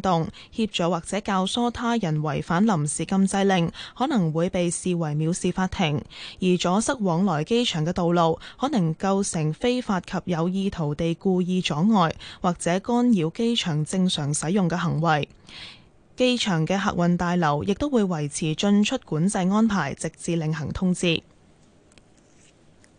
協助或者教唆他人違反臨時禁制令，可能會被視為藐視法庭；而阻塞往來機場嘅道路，可能構成非法及有意圖地故意阻礙，或者干擾機場正常使用嘅行為。機場嘅客運大樓亦都會維持進出管制安排，直至另行通知。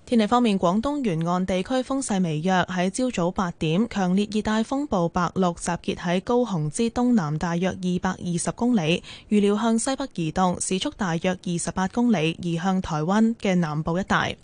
天氣方面，廣東沿岸地區風勢微弱。喺朝早八點，強烈熱帶風暴白鹿集結喺高雄之東南，大約二百二十公里。預料向西北移動，時速大約二十八公里，移向台灣嘅南部一帶。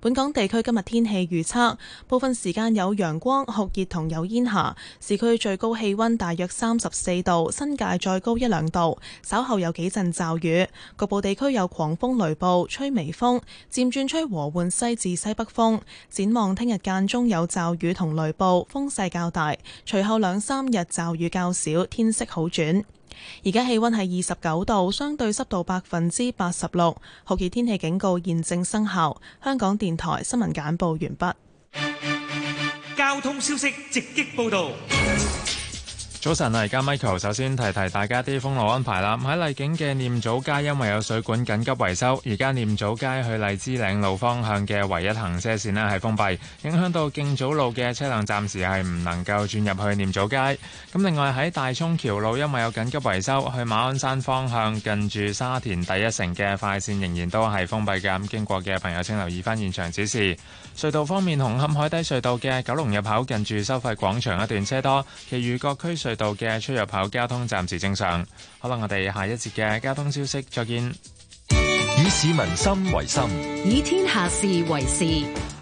本港地區今日天氣預測，部分時間有陽光、酷熱同有煙霞。市區最高氣溫大約三十四度，新界再高一兩度。稍後有幾陣驟雨，局部地區有狂風雷暴，吹微風，漸轉吹和緩西至。西，西北風，展望聽日間中有驟雨同雷暴，風勢較大。隨後兩三日驟雨較少，天色好轉。而家氣溫係二十九度，相對濕度百分之八十六，酷熱天氣警告現正生效。香港電台新聞簡報完畢。交通消息直擊報道。早晨啊，而家 Michael 首先提提大家啲封路安排啦。喺麗景嘅念祖街，因為有水管緊急維修，而家念祖街去荔枝嶺路方向嘅唯一行車線咧係封閉，影響到敬祖路嘅車輛暫時係唔能夠轉入去念祖街。咁另外喺大涌橋路，因為有緊急維修，去馬鞍山方向近住沙田第一城嘅快線仍然都係封閉嘅。咁經過嘅朋友請留意翻現場指示。隧道方面，紅磡海底隧道嘅九龍入口近住收費廣場一段車多，其餘各區隧度嘅出入口交通暫時正常，好啦，我哋下一節嘅交通消息再見。以市民心為心，以天下事為事。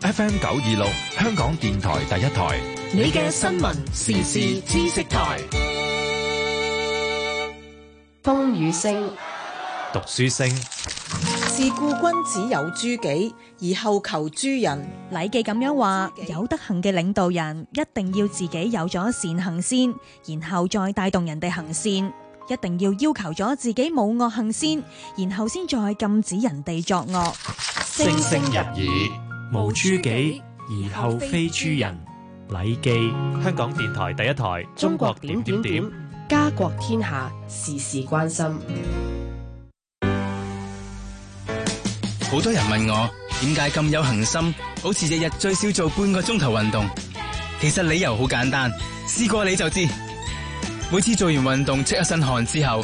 FM 九二六，香港電台第一台，你嘅新聞時事知識台，風雨聲，讀書聲。故君子有諸己，而後求諸人。禮記咁樣話：有德行嘅領導人，一定要自己有咗善行先，然後再帶動人哋行善；一定要要求咗自己冇惡行先，然後先再禁止人哋作惡。聲聲入耳，無諸己，諸己而後非諸人。禮記，香港電台第一台，中國點點點，家國天下，事事關心。好多人問我點解咁有恒心，好似日日最少做半個鐘頭運動。其實理由好簡單，試過你就知。每次做完運動出一身汗之後，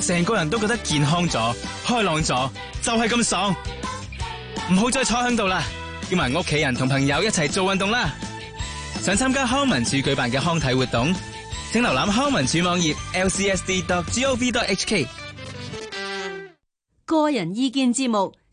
成個人都覺得健康咗、開朗咗，就係咁爽。唔好再坐響度啦，叫埋屋企人同朋友一齊做運動啦。想參加康文署舉辦嘅康體活動，請瀏覽康文署網頁 lcsd.gov.hk。LC 個人意見節目。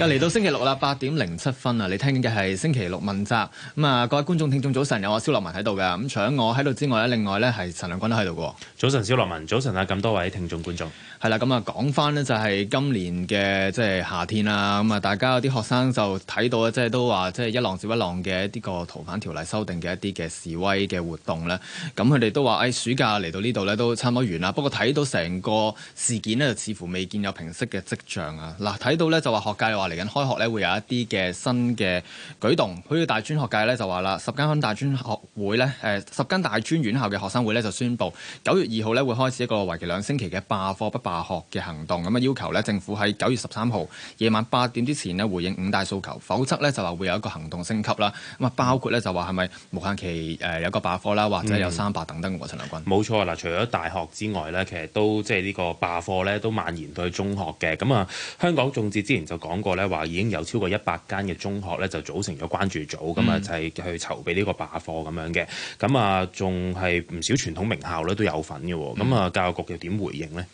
又嚟到星期六啦，八點零七分啊！你聽緊嘅係星期六問責。咁啊，各位觀眾、聽眾，早晨！有我蕭洛汶喺度嘅。咁除咗我喺度之外咧，另外咧係陳亮均都喺度嘅。早晨，蕭洛汶，早晨啊！咁多位聽眾、觀眾，係啦。咁啊，講翻咧就係今年嘅即係夏天啦。咁啊，大家有啲學生就睇到即係都話，即係一浪接一浪嘅一啲個逃犯條例修訂嘅一啲嘅示威嘅活動咧。咁佢哋都話，誒暑假嚟到呢度咧都差唔多完啦。不過睇到成個事件咧，似乎未見有平息嘅跡象啊！嗱，睇到咧就話學界話。嚟緊開學咧，會有一啲嘅新嘅舉動。好似大專學界咧就話啦，十間大專學會咧，誒十間大專院校嘅學生會咧就宣布，九月二號咧會開始一個為期兩星期嘅罷課不罷學嘅行動。咁啊，要求咧政府喺九月十三號夜晚八點之前咧回應五大訴求，否則咧就話會有一個行動升級啦。咁啊，包括咧就話係咪無限期誒有個罷課啦，或者有三百等等喎，陳亮均。冇錯啦，除咗大學之外咧，其實都即係呢個罷課咧都蔓延到去中學嘅。咁啊，香港眾志之前就講過咧已經有超過一百間嘅中學咧，就組成咗關注組，咁啊、嗯、就係去籌備呢個罷課咁樣嘅，咁啊，仲係唔少傳統名校咧都有份嘅，咁啊、嗯、教育局又點回應咧？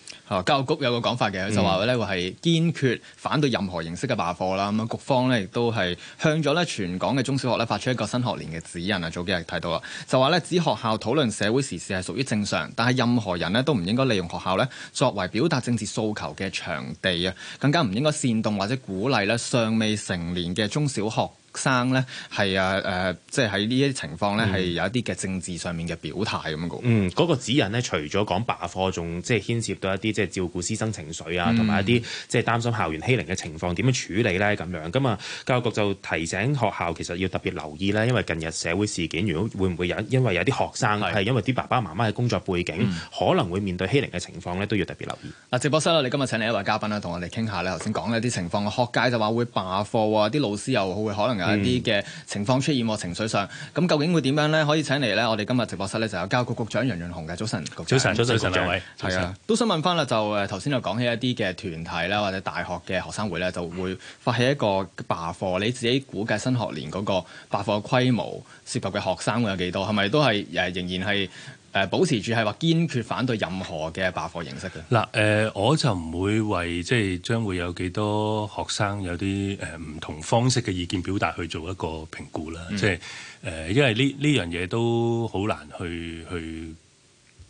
教育局有個講法嘅，就話咧會係堅決反對任何形式嘅罷課啦。咁、嗯、局方咧亦都係向咗咧全港嘅中小學咧發出一個新學年嘅指引啊。早幾日睇到啦，就話咧指學校討論社會時事係屬於正常，但係任何人呢都唔應該利用學校咧作為表達政治訴求嘅場地啊，更加唔應該煽動或者鼓勵咧尚未成年嘅中小學生呢，係啊誒，即係喺呢一情況呢，係有一啲嘅政治上面嘅表態咁樣。嗰個指引呢，除咗講罷課，仲即係牽涉到一啲即係照顧師生情緒啊，同埋、嗯、一啲即係擔心校園欺凌嘅情況點樣處理呢。咁樣。咁啊，教育局就提醒學校其實要特別留意咧，因為近日社會事件，如果會唔會有因為有啲學生係是因為啲爸爸媽媽嘅工作背景，嗯、可能會面對欺凌嘅情況呢，都要特別留意。啊，直播室啦，你今日請嚟一位嘉賓啦，同我哋傾下咧頭先講嘅啲情況。學界就話會罷課啊，啲老師又會可能一啲嘅情況出現喎，嗯、情緒上咁究竟會點樣呢？可以請嚟呢，我哋今日直播室呢就有教育局局長楊潤雄嘅，早晨，局長。早晨，早晨，兩位。係啊，都想問翻啦，就誒頭先又講起一啲嘅團體咧，或者大學嘅學生會咧，就會發起一個罷課。你自己估計新學年嗰個罷課嘅規模，涉及嘅學生會有幾多？係咪都係誒仍然係？誒保持住係話堅決反對任何嘅罷課形式嘅。嗱誒、呃，我就唔會為即係將會有幾多學生有啲誒唔同方式嘅意見表達去做一個評估啦。嗯、即係誒、呃，因為呢呢樣嘢都好難去去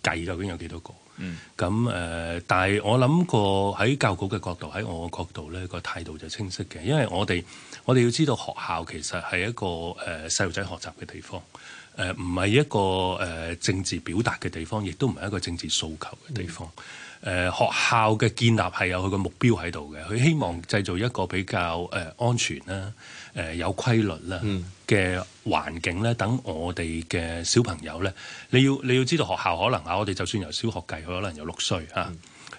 計究竟有幾多個。嗯。咁誒、呃，但係我諗過喺教育局嘅角度，喺我嘅角度咧，個態度就清晰嘅。因為我哋我哋要知道學校其實係一個誒細路仔學習嘅地方。誒唔係一個誒、呃、政治表達嘅地方，亦都唔係一個政治訴求嘅地方。誒、嗯呃、學校嘅建立係有佢個目標喺度嘅，佢希望製造一個比較誒、呃、安全啦、誒、呃、有規律啦嘅環境咧，等我哋嘅小朋友咧，你要你要知道學校可能啊，我哋就算由小學計，佢可能有六歲吓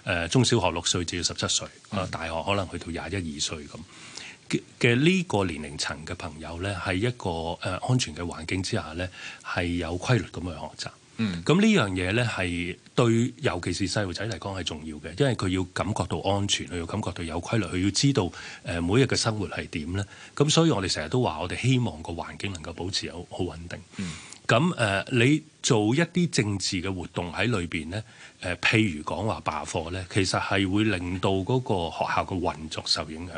誒中小學六歲至到十七歲啊，嗯、大學可能去到廿一二歲咁。嘅呢個年齡層嘅朋友呢，係一個誒安全嘅環境之下呢，係有規律咁去學習。嗯，咁呢樣嘢呢，係對，尤其是細路仔嚟講係重要嘅，因為佢要感覺到安全，佢要感覺到有規律，佢要知道誒每日嘅生活係點呢。咁所以我哋成日都話，我哋希望個環境能夠保持好好穩定。嗯，咁誒、呃，你做一啲政治嘅活動喺裏邊呢，譬如講話罷課呢，其實係會令到嗰個學校嘅運作受影響。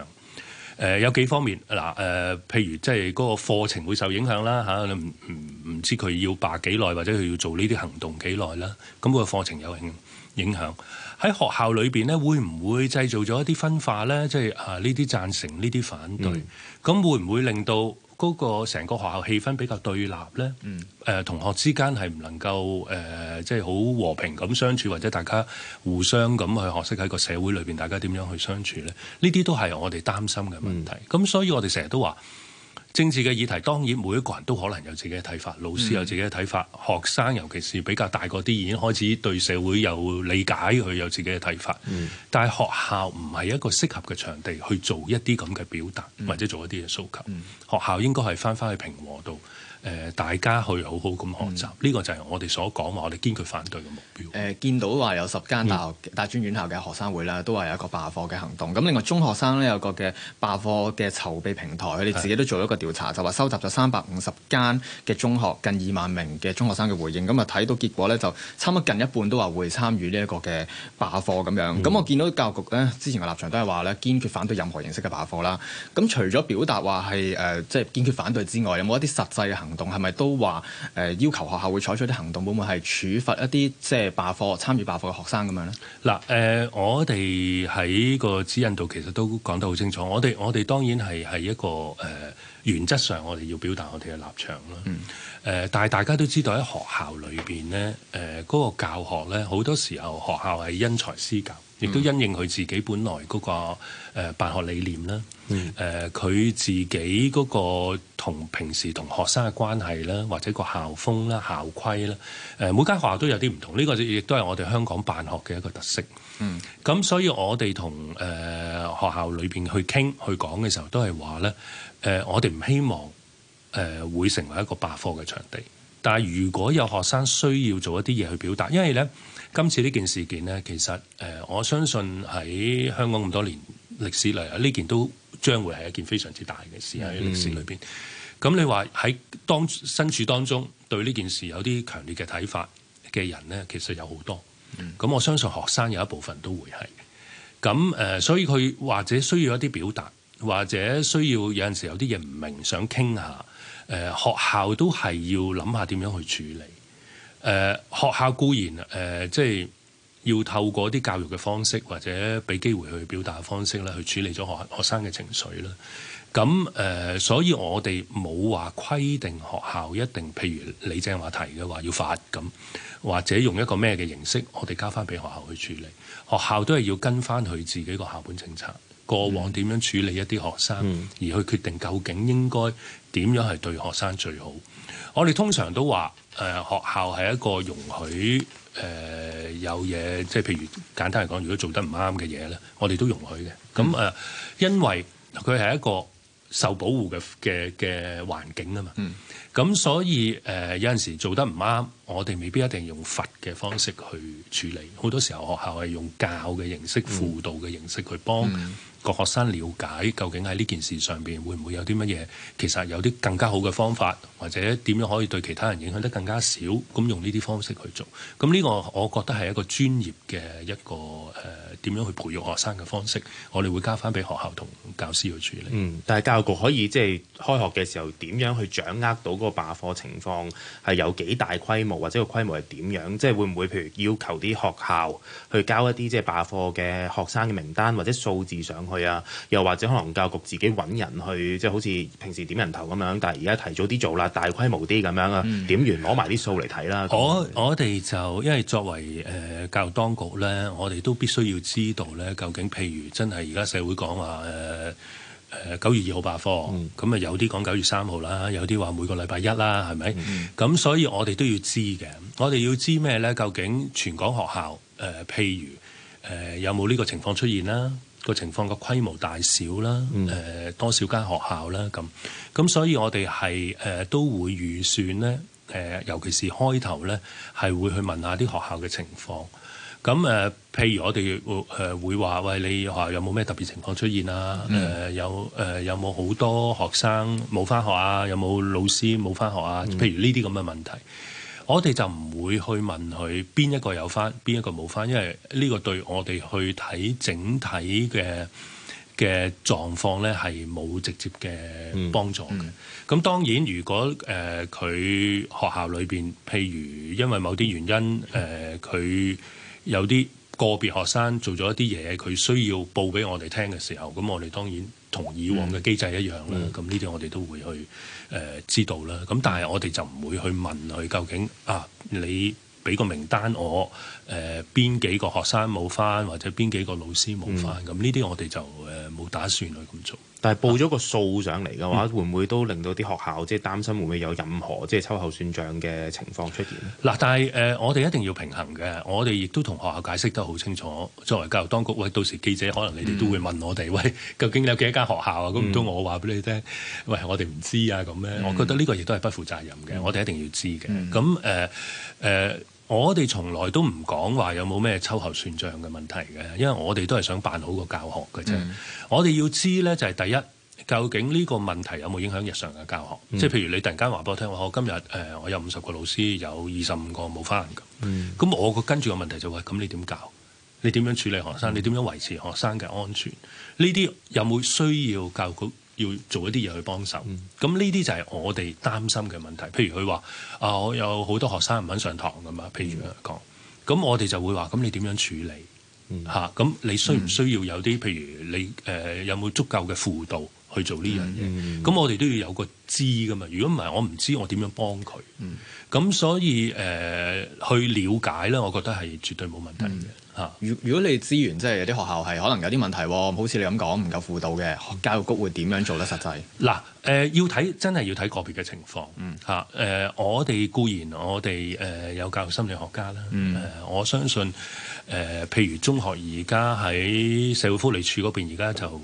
誒有幾方面嗱誒，譬如即係嗰個課程會受影響啦，吓，你唔唔唔知佢要霸幾耐，或者佢要做呢啲行動幾耐啦，咁個課程有影影響。喺學校裏邊咧，會唔會製造咗一啲分化咧？即係啊呢啲贊成，呢啲反對，咁、嗯、會唔會令到？嗰個成個學校氣氛比較對立呢，誒、嗯呃、同學之間係唔能夠誒即係好和平咁相處，或者大家互相咁去學識喺個社會裏邊大家點樣去相處呢？呢啲都係我哋擔心嘅問題。咁、嗯、所以我哋成日都話，政治嘅議題，當然每一個人都可能有自己嘅睇法，老師有自己嘅睇法，嗯、學生尤其是比較大個啲已經開始對社會有理解，佢有自己嘅睇法。嗯、但係學校唔係一個適合嘅場地去做一啲咁嘅表達，或者做一啲嘅訴求。嗯、學校應該係返返去平和度。誒，大家去好好咁學習，呢、嗯、個就係我哋所講話，我哋堅決反對嘅目標。誒、呃，見到話有十間大學、嗯、大專院校嘅學生會啦，都話有一個罷課嘅行動。咁另外中學生呢，有個嘅罷課嘅籌備平台，佢哋自己都做咗一個調查，就話收集咗三百五十間嘅中學近二萬名嘅中學生嘅回應。咁啊睇到結果呢，就差唔多近一半都話會參與呢一個嘅罷課咁樣。咁、嗯、我見到教育局呢，之前嘅立場都係話呢，堅決反對任何形式嘅罷課啦。咁除咗表達話係誒即係堅決反對之外，有冇一啲實際嘅行行動係咪都話誒、呃、要求學校會採取啲行動，會唔會係處罰一啲即係罷課參與罷課嘅學生咁樣咧？嗱誒、呃，我哋喺個指引度其實都講得好清楚。我哋我哋當然係係一個誒、呃、原則上，我哋要表達我哋嘅立場啦。誒、嗯呃，但係大家都知道喺學校裏邊咧，誒、呃、嗰、那個教學咧，好多時候學校係因材施教。亦都因應佢自己本來嗰個誒辦學理念啦，誒佢、嗯呃、自己嗰個同平時同學生嘅關係啦，或者個校風啦、校規啦，誒、呃、每間學校都有啲唔同，呢、這個亦都係我哋香港辦學嘅一個特色。咁、嗯、所以我、呃呃，我哋同誒學校裏邊去傾去講嘅時候，都係話咧，誒我哋唔希望誒、呃、會成為一個罷課嘅場地，但係如果有學生需要做一啲嘢去表達，因為咧。今次呢件事件呢，其實誒、呃，我相信喺香港咁多年歷史嚟，呢件都將會係一件非常之大嘅事、嗯、喺歷史裏邊，咁、嗯、你話喺當身處當中對呢件事有啲強烈嘅睇法嘅人呢，其實有好多。咁、嗯、我相信學生有一部分都會係。咁誒、呃，所以佢或者需要一啲表達，或者需要有陣時有啲嘢唔明，想傾下。誒、呃、學校都係要諗下點樣去處理。誒、呃、學校固然誒、呃，即係要透過啲教育嘅方式，或者俾機會去表達嘅方式咧，去處理咗學學生嘅情緒啦。咁、呃、誒，所以我哋冇話規定學校一定，譬如你正話提嘅話要發咁，或者用一個咩嘅形式，我哋交翻俾學校去處理。學校都係要跟翻佢自己個校本政策，過往點樣處理一啲學生，嗯、而去決定究竟應該點樣係對學生最好。我哋通常都話。誒、呃、學校係一個容許誒、呃、有嘢，即係譬如簡單嚟講，如果做得唔啱嘅嘢咧，我哋都容許嘅。咁誒、呃，因為佢係一個受保護嘅嘅嘅環境啊嘛。咁所以誒、呃、有陣時做得唔啱，我哋未必一定用罰嘅方式去處理。好多時候學校係用教嘅形式、嗯、輔導嘅形式去幫個學生了解究竟喺呢件事上面會唔會有啲乜嘢？其實有啲更加好嘅方法。或者點樣可以對其他人影響得更加少？咁用呢啲方式去做，咁、這、呢個我覺得係一個專業嘅一個誒、點、呃、樣去培育學生嘅方式。我哋會交翻俾學校同教師去處理。嗯，但係教育局可以即係、就是、開學嘅時候點樣去掌握到個罷課情況，係有幾大規模，或者個規模係點樣，即係會唔會譬如要求啲學校去交一啲即係罷課嘅學生嘅名單或者數字上去啊？又或者可能教育局自己搵人去，即、就、係、是、好似平時點人頭咁樣，但係而家提早啲做啦。大規模啲咁、嗯、樣啊，點完攞埋啲數嚟睇啦。我我哋就因為作為誒、呃、教育當局咧，我哋都必須要知道咧，究竟譬如真係而家社會講話誒誒九月二號罷課，咁啊、嗯、有啲講九月三號啦，有啲話每個禮拜一啦，係咪？咁、嗯、所以我哋都要知嘅。我哋要知咩咧？究竟全港學校誒、呃，譬如誒、呃、有冇呢個情況出現啦？個情況嘅規模大小啦，誒、呃、多少間學校啦？咁、嗯。嗯咁所以我哋係誒都會預算呢，誒、呃、尤其是開頭呢，係會去問下啲學校嘅情況。咁誒、呃，譬如我哋誒、呃、會話喂，你學校有冇咩特別情況出現啊？誒、嗯呃、有誒、呃、有冇好多學生冇返學啊？有冇老師冇返學啊？嗯、譬如呢啲咁嘅問題，我哋就唔會去問佢邊一個有返，邊一個冇返，因為呢個對我哋去睇整體嘅嘅狀況呢係冇直接嘅幫助嘅。咁、嗯嗯、當然，如果誒佢、呃、學校裏邊，譬如因為某啲原因，誒、呃、佢有啲個別學生做咗一啲嘢，佢需要報俾我哋聽嘅時候，咁我哋當然同以往嘅機制一樣啦。咁呢啲我哋都會去誒、呃、知道啦。咁但係我哋就唔會去問佢究竟啊，你俾個名單我。誒邊幾個學生冇返，或者邊幾個老師冇返？咁呢啲我哋就誒冇打算去咁、嗯、做。但係報咗個數上嚟嘅話，會唔會都令到啲學校即係擔心會唔會有任何即係秋後算賬嘅情況出現？嗱，但係誒、呃，我哋一定要平衡嘅。我哋亦都同學校解釋得好清楚。作為教育當局，喂，到時記者可能你哋都會問我哋，喂，究竟有幾多間學校啊？咁唔通我話俾你聽，嗯、喂，我哋唔知啊咁咧。我覺得呢個亦都係不負責任嘅。嗯、我哋一定要知嘅。咁誒誒。嗯我哋從來都唔講話有冇咩秋後算賬嘅問題嘅，因為我哋都係想辦好個教學嘅啫。Mm. 我哋要知呢，就係第一，究竟呢個問題有冇影響日常嘅教學？即係、mm. 譬如你突然間話俾我聽，我今日誒、呃、我有五十個老師，有二十五個冇返咁。Mm. 咁我個跟住個問題就係、是，咁你點教？你點樣處理學生？你點樣維持學生嘅安全？呢啲有冇需要教育局？要做一啲嘢去幫手，咁呢啲就係我哋擔心嘅問題。譬如佢話啊，我、呃、有好多學生唔肯上堂㗎嘛。譬如佢講，咁、mm hmm. 我哋就會話：咁你點樣處理？嚇、mm，咁、hmm. 啊、你需唔需要有啲譬如你誒、呃、有冇足夠嘅輔導去做呢樣嘢？咁、mm hmm. 我哋都要有個。知噶嘛？如果唔係，我唔知我點樣幫佢。咁、嗯、所以誒、呃，去了解咧，我覺得係絕對冇問題嘅吓。如、嗯、如果你資源即係有啲學校係可能有啲問題、哦，好似你咁講，唔夠輔導嘅，教育局會點樣做得實際？嗱、嗯，誒、呃，要睇真係要睇個別嘅情況。吓、嗯，誒、呃，我哋固然我哋誒、呃、有教育心理學家啦。誒、嗯呃，我相信誒、呃，譬如中學而家喺社會福利署嗰邊，而家就誒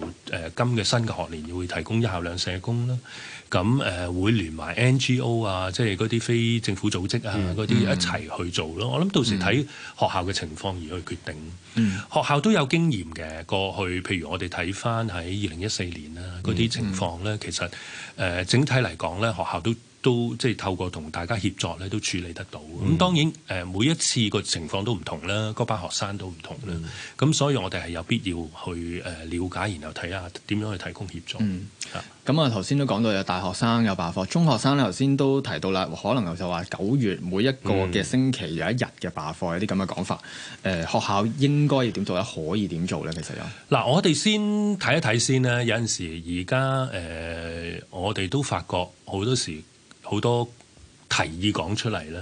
今嘅新嘅學年會提供一校兩社工啦。咁誒、呃、會連埋 NGO 啊，即係啲非政府組織啊，啲、mm hmm. 一齊去做咯。我諗到時睇學校嘅情況而去決定。Mm hmm. 學校都有經驗嘅，過去譬如我哋睇翻喺二零一四年啊，啲情況咧，mm hmm. 其實誒、呃、整體嚟講咧，學校都。都即係透過同大家協助咧，都處理得到。咁、嗯、當然誒，每一次個情況都唔同啦，嗰班學生都唔同啦。咁、嗯、所以我哋係有必要去誒了解，然後睇下點樣去提供協助。咁啊、嗯，頭先都講到有大學生有罷課，中學生咧頭先都提到啦，可能就話九月每一個嘅星期有一日嘅罷課有啲咁嘅講法。誒、嗯呃，學校應該要點做咧？可以點做咧？其實有嗱，我哋先睇一睇先咧。有陣時而家誒，我哋都發覺好多時。好多提議講出嚟啦，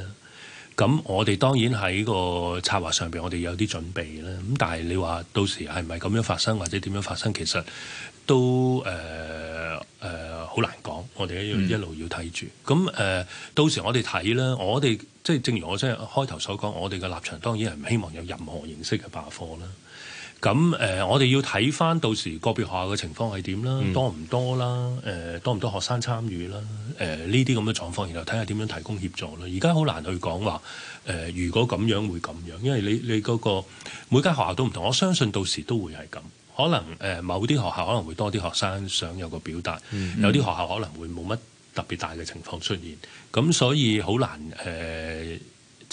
咁我哋當然喺個策劃上邊，我哋有啲準備啦。咁但係你話到時係咪咁樣發生，或者點樣發生，其實都誒誒好難講。我哋一路要睇住。咁誒、呃、到時我哋睇啦。我哋即係正如我真係開頭所講，我哋嘅立場當然係唔希望有任何形式嘅罷課啦。咁誒、呃，我哋要睇返到時個別學校嘅情況係點啦，嗯、多唔多啦？誒、呃，多唔多學生參與啦？誒、呃，呢啲咁嘅狀況，然後睇下點樣提供協助啦。而家好難去講話誒，如果咁樣會咁樣，因為你你嗰個每間學校都唔同。我相信到時都會係咁，可能誒、呃、某啲學校可能會多啲學生想有個表達，嗯、有啲學校可能會冇乜特別大嘅情況出現。咁所以好難誒。呃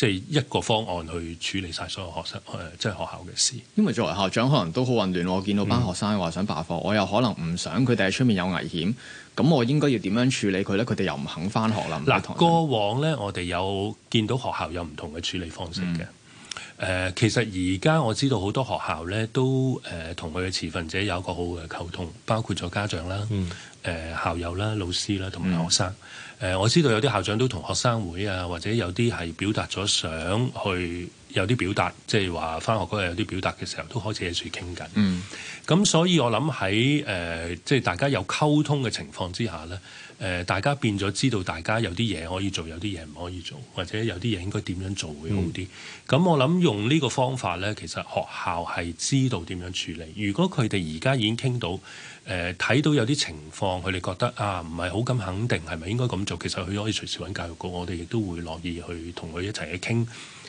即係一個方案去處理晒所有學生、呃、即係學校嘅事。因為作為校長，可能都好混亂。我見到班學生話想罷課，我又可能唔想佢哋喺出面有危險，咁我應該要點樣處理佢呢？佢哋又唔肯翻學啦。嗱，過往呢，我哋有見到學校有唔同嘅處理方式嘅。誒、嗯呃，其實而家我知道好多學校呢都誒，同佢嘅持份者有一個好好嘅溝通，包括咗家長啦。嗯誒校友啦、老師啦，同埋學生。誒、嗯、我知道有啲校長都同學生會啊，或者有啲係表達咗想去，有啲表達，即係話返學嗰日有啲表達嘅時候，都開始喺處傾緊。咁、嗯、所以我，我諗喺誒即係大家有溝通嘅情況之下咧，誒、呃、大家變咗知道，大家有啲嘢可以做，有啲嘢唔可以做，或者有啲嘢應該點樣做會好啲。咁、嗯、我諗用呢個方法咧，其實學校係知道點樣處理。如果佢哋而家已經傾到。誒睇到有啲情況，佢哋覺得啊，唔係好咁肯定，係咪應該咁做？其實佢可以隨時揾教育局，我哋亦都會樂意去同佢一齊去傾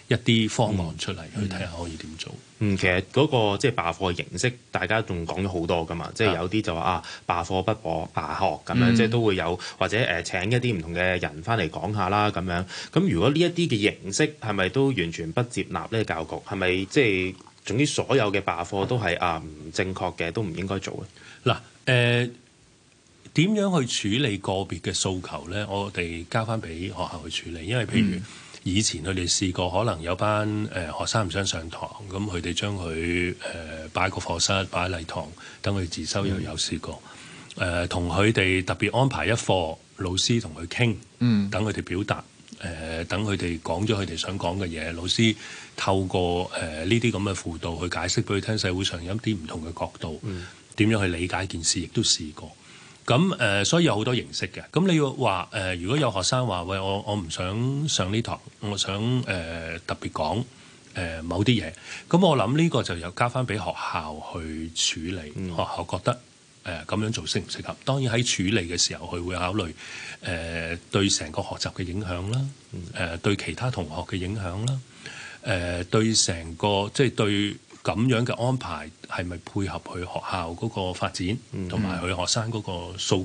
一啲方案出嚟，嗯、去睇下可以點做。嗯，其實嗰、那個即係、就是、罷課嘅形式，大家仲講咗好多㗎嘛，即、就、係、是、有啲就話啊，罷課不課，罷學咁樣，嗯、即係都會有或者誒、呃、請一啲唔同嘅人翻嚟講下啦咁樣。咁如果呢一啲嘅形式係咪都完全不接納咧？教育局係咪即係總之所有嘅罷課都係啊唔正確嘅，都唔應該做咧？嗱，誒、呃、點樣去處理個別嘅訴求呢？我哋交翻俾學校去處理，因為譬如、嗯、以前佢哋試過，可能有班誒、呃、學生唔想上堂，咁佢哋將佢誒擺個課室，擺禮堂等佢自修，又有試過。誒，同佢哋特別安排一課老師同佢傾，等佢哋表達，誒、呃，等佢哋講咗佢哋想講嘅嘢，老師透過誒呢啲咁嘅輔導去解釋俾佢聽，社會上有啲唔同嘅角度。點樣去理解件事，亦都試過。咁誒、呃，所以有好多形式嘅。咁你要話誒、呃，如果有學生話喂，我我唔想上呢堂，我想誒、呃、特別講誒、呃、某啲嘢。咁我諗呢個就又交翻俾學校去處理。嗯、學校覺得誒咁、呃、樣做適唔適合？當然喺處理嘅時候，佢會考慮誒、呃、對成個學習嘅影響啦，誒、呃、對其他同學嘅影響啦，誒、呃、對成個即係、就是、對。咁樣嘅安排係咪配合佢學校嗰個發展，同埋佢學生嗰個訴求？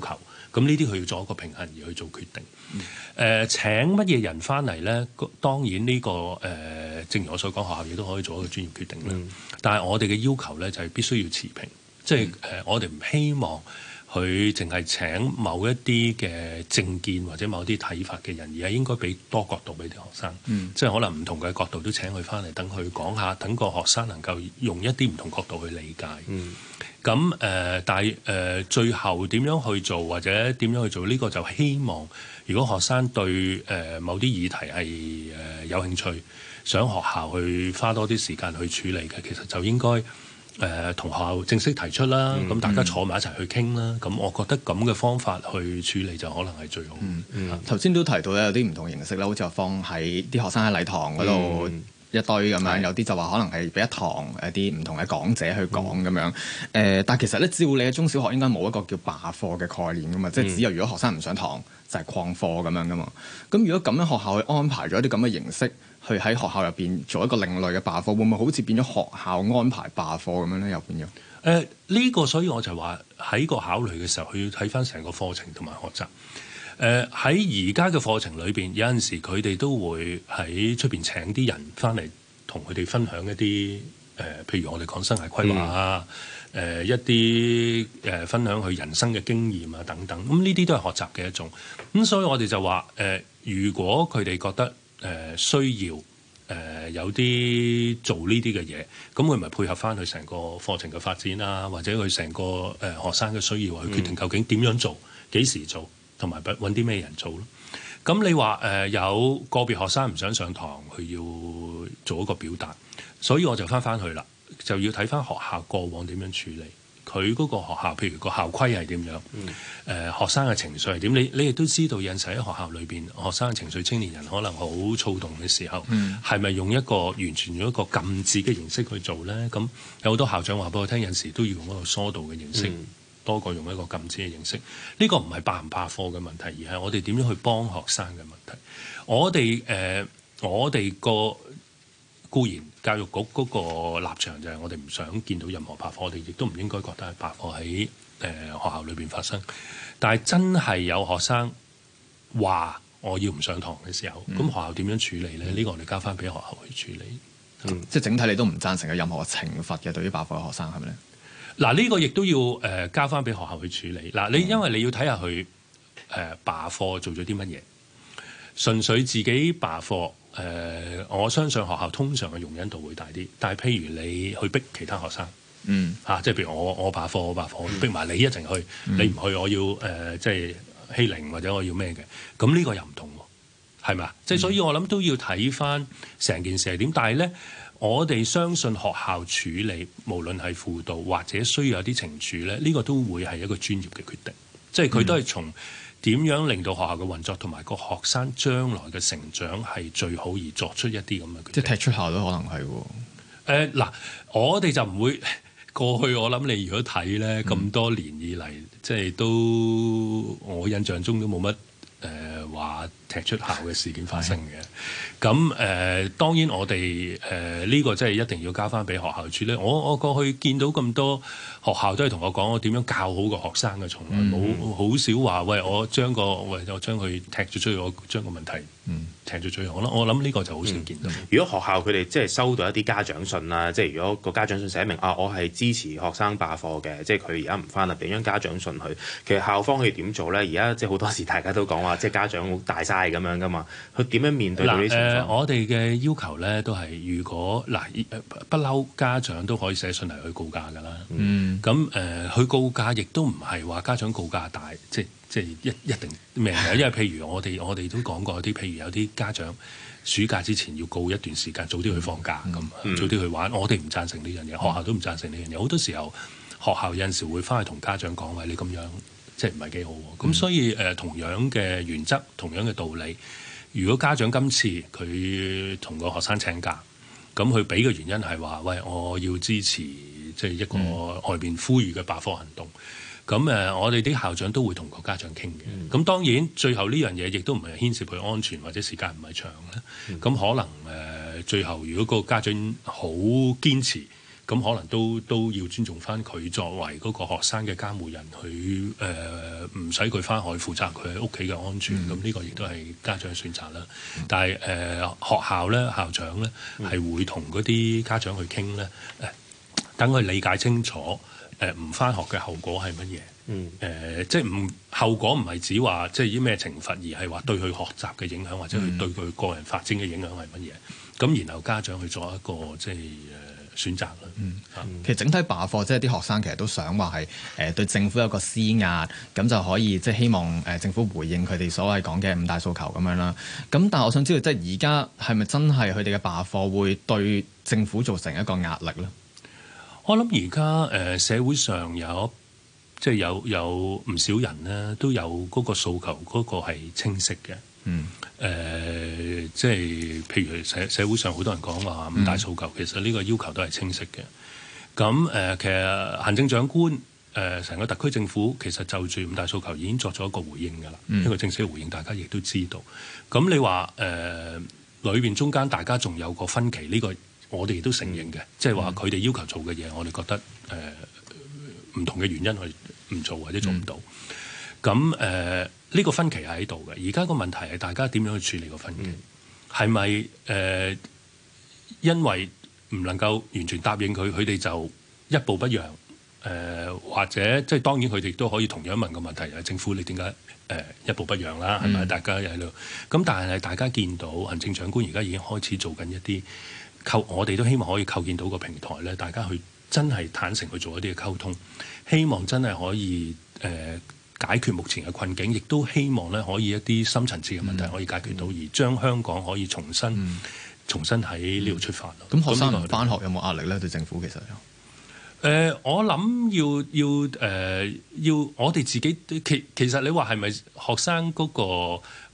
咁呢啲佢要做一個平衡而去做決定。誒，呃，請乜嘢人翻嚟呢？當然呢個，誒，呃，正如我所講，學校亦都可以做一個專業決定啦。但係我哋嘅要求呢，就係必須要持平，即係，我哋唔希望，佢淨係請某一啲嘅政見或者某啲睇法嘅人，而係應該俾多角度俾啲學生，嗯、即係可能唔同嘅角度都請佢翻嚟，等佢講下，等個學生能夠用一啲唔同角度去理解。咁誒、嗯呃，但係、呃、最後點樣去做或者點樣去做呢、這個就希望，如果學生對誒、呃、某啲議題係誒、呃、有興趣，想學校去花多啲時間去處理嘅，其實就應該。同、呃、學校正式提出啦，咁、嗯、大家坐埋一齊去傾啦，咁、嗯、我覺得咁嘅方法去處理就可能係最好。頭先都提到咧，有啲唔同形式啦，好似話放喺啲學生喺禮堂嗰度一堆咁樣，嗯、有啲就話可能係俾一堂誒啲唔同嘅講者去講咁樣。誒、嗯，但係其實咧，照你喺中小學應該冇一個叫罷課嘅概念噶嘛，即係只有如果學生唔上堂就係、是、曠課咁樣噶嘛。咁如果咁樣學校去安排咗一啲咁嘅形式。去喺學校入邊做一個另類嘅罷課，會唔會好似變咗學校安排罷課咁樣咧？又變咗？誒、這、呢個所以我就話喺個考慮嘅時候，佢要睇翻成個課程同埋學習。誒喺而家嘅課程裏邊，有陣時佢哋都會喺出邊請啲人翻嚟同佢哋分享一啲誒、呃，譬如我哋講生涯規劃啊，誒、嗯呃、一啲誒、呃、分享佢人生嘅經驗啊等等。咁呢啲都係學習嘅一種。咁、呃、所以我哋就話誒、呃，如果佢哋覺得，誒、呃、需要誒、呃、有啲做呢啲嘅嘢，咁佢咪配合返佢成個課程嘅發展啦，或者佢成個誒、呃、學生嘅需要去決定究竟點樣做，幾時做，同埋搵啲咩人做咯。咁、嗯、你話誒、呃、有個別學生唔想上堂，佢要做一個表達，所以我就返返去啦，就要睇返學校過往點樣處理。佢嗰個學校，譬如個校規係點樣？誒、嗯呃、學生嘅情緒係點，你你亦都知道，有陣時喺學校裏邊學生嘅情緒，青年人可能好躁動嘅時候，係咪、嗯、用一個完全用一個禁止嘅形式去做咧？咁有好多校長話俾我聽，有陣時都要用一個疏導嘅形式，嗯、多過用一個禁止嘅形式。呢、這個唔係罷唔罷課嘅問題，而係我哋點樣去幫學生嘅問題，我哋誒、呃、我哋個固然。教育局嗰個立場就係我哋唔想見到任何罷課，我哋亦都唔應該覺得罷課喺誒學校裏邊發生。但係真係有學生話我要唔上堂嘅時候，咁、嗯、學校點樣處理咧？呢、嗯、個我哋交翻俾學校去處理。嗯、即係整體你都唔贊成有任何懲罰嘅，對於罷課學生係咪咧？嗱，呢、呢個亦都要誒交翻俾學校去處理。嗱，你、嗯、因為你要睇下佢誒罷課做咗啲乜嘢。純粹自己罷課，誒、呃，我相信學校通常嘅容忍度會大啲。但係，譬如你去逼其他學生，嗯，嚇、啊，即係譬如我我罷課我罷課，我課我逼埋你一齊去，嗯、你唔去我要誒、呃，即係欺凌或者我要咩嘅，咁呢個又唔同喎，係嘛？即係、嗯、所以我，我諗都要睇翻成件事係點。但係咧，我哋相信學校處理無論係輔導或者需要有啲懲處咧，呢、這個都會係一個專業嘅決定，即係佢都係從。嗯點樣令到學校嘅運作同埋個學生將來嘅成長係最好而作出一啲咁嘅？即係踢出校都可能係喎。呃，嗱，我哋就唔會過去。我諗你如果睇咧咁多年以嚟，嗯、即係都我印象中都冇乜誒話踢出校嘅事件發生嘅。 咁誒、呃，當然我哋誒呢個真係一定要交翻俾學校處理。我我過去見到咁多學校都係同我講我點樣教好個學生嘅，從來冇好、嗯、少話喂，我將個喂我將佢踢咗出去，我將個問題踢咗最後。我我諗呢個就好少見到、嗯。如果學校佢哋即係收到一啲家長信啦，即係如果個家長信寫明啊，我係支持學生罷課嘅，即係佢而家唔翻啦，點樣家長信佢？其實校方佢點做咧？而家即係好多時大家都講話，即係家長好大晒咁樣噶嘛，佢點樣面對誒，我哋嘅要求咧，都係如果嗱，不嬲家長都可以寫信嚟去告假噶啦。嗯，咁誒、嗯，去告假亦都唔係話家長告假大，即、係、即、係即係、一一,一定咩因為 譬如我哋我哋都講過啲，譬如有啲家長暑假之前要告一段時間，早啲去放假咁、嗯，早啲去玩。我哋唔贊成呢樣嘢，學校都唔贊成呢樣嘢。好多時候學校有陣時會翻去同家長講話，你咁樣即係唔係幾好。咁所以誒、呃，同樣嘅原則，同樣嘅道理。如果家長今次佢同個學生請假，咁佢俾嘅原因係話：喂，我要支持即係一個外邊呼籲嘅罷課行動。咁誒、嗯，我哋啲校長都會同個家長傾嘅。咁、嗯、當然最後呢樣嘢亦都唔係牽涉佢安全或者時間唔係長咧。咁、嗯、可能誒，最後如果個家長好堅持。咁可能都都要尊重翻佢作為嗰個學生嘅監護人，佢誒唔使佢翻學去負責佢屋企嘅安全。咁呢、嗯、個亦都係家長嘅選擇啦。但係誒、呃、學校咧校長咧係會同嗰啲家長去傾咧，誒等佢理解清楚，誒唔翻學嘅後果係乜嘢？嗯、呃、誒即係唔後果唔係指話即係啲咩懲罰，而係話對佢學習嘅影響或者佢對佢個人發展嘅影響係乜嘢？咁、嗯嗯、然，然後家長去做一個即係誒。呃選擇啦，嗯，其實整體罷課，即係啲學生其實都想話係誒對政府有個施壓，咁就可以即係希望誒、呃、政府回應佢哋所謂講嘅五大訴求咁樣啦。咁但係我想知道，即係而家係咪真係佢哋嘅罷課會對政府造成一個壓力咧？我諗而家誒社會上有即係、就是、有有唔少人呢，都有嗰個訴求，嗰個係清晰嘅，嗯。誒、呃，即係譬如社社會上好多人講話五大訴求，嗯、其實呢個要求都係清晰嘅。咁誒、呃，其實行政長官誒，成、呃、個特區政府其實就住五大訴求已經作咗一個回應㗎啦，一、嗯、個正式嘅回應，大家亦都知道。咁你話誒，裏、呃、邊中間大家仲有個分歧，呢、呢個我哋亦都承認嘅，即係話佢哋要求做嘅嘢，嗯、我哋覺得誒唔、呃、同嘅原因去唔做或者做唔到。咁誒、嗯。嗯呢個分歧係喺度嘅，而家個問題係大家點樣去處理個分歧？係咪誒？因為唔能夠完全答應佢，佢哋就一步不讓誒、呃？或者即係當然，佢哋都可以同樣問個問題：政府你點解誒一步不讓啦？係咪、嗯、大家喺度？咁但係大家見到行政長官而家已經開始做緊一啲構，我哋都希望可以構建到個平台咧，大家去真係坦誠去做一啲嘅溝通，希望真係可以誒。呃解決目前嘅困境，亦都希望咧可以一啲深層次嘅問題可以解決到，嗯、而將香港可以重新、嗯、重新喺呢度出發咯。咁、嗯、這樣 學生唔返學有冇壓力咧？對政府其實誒、呃，我諗要要誒、呃、要我哋自己其其實你話係咪學生嗰個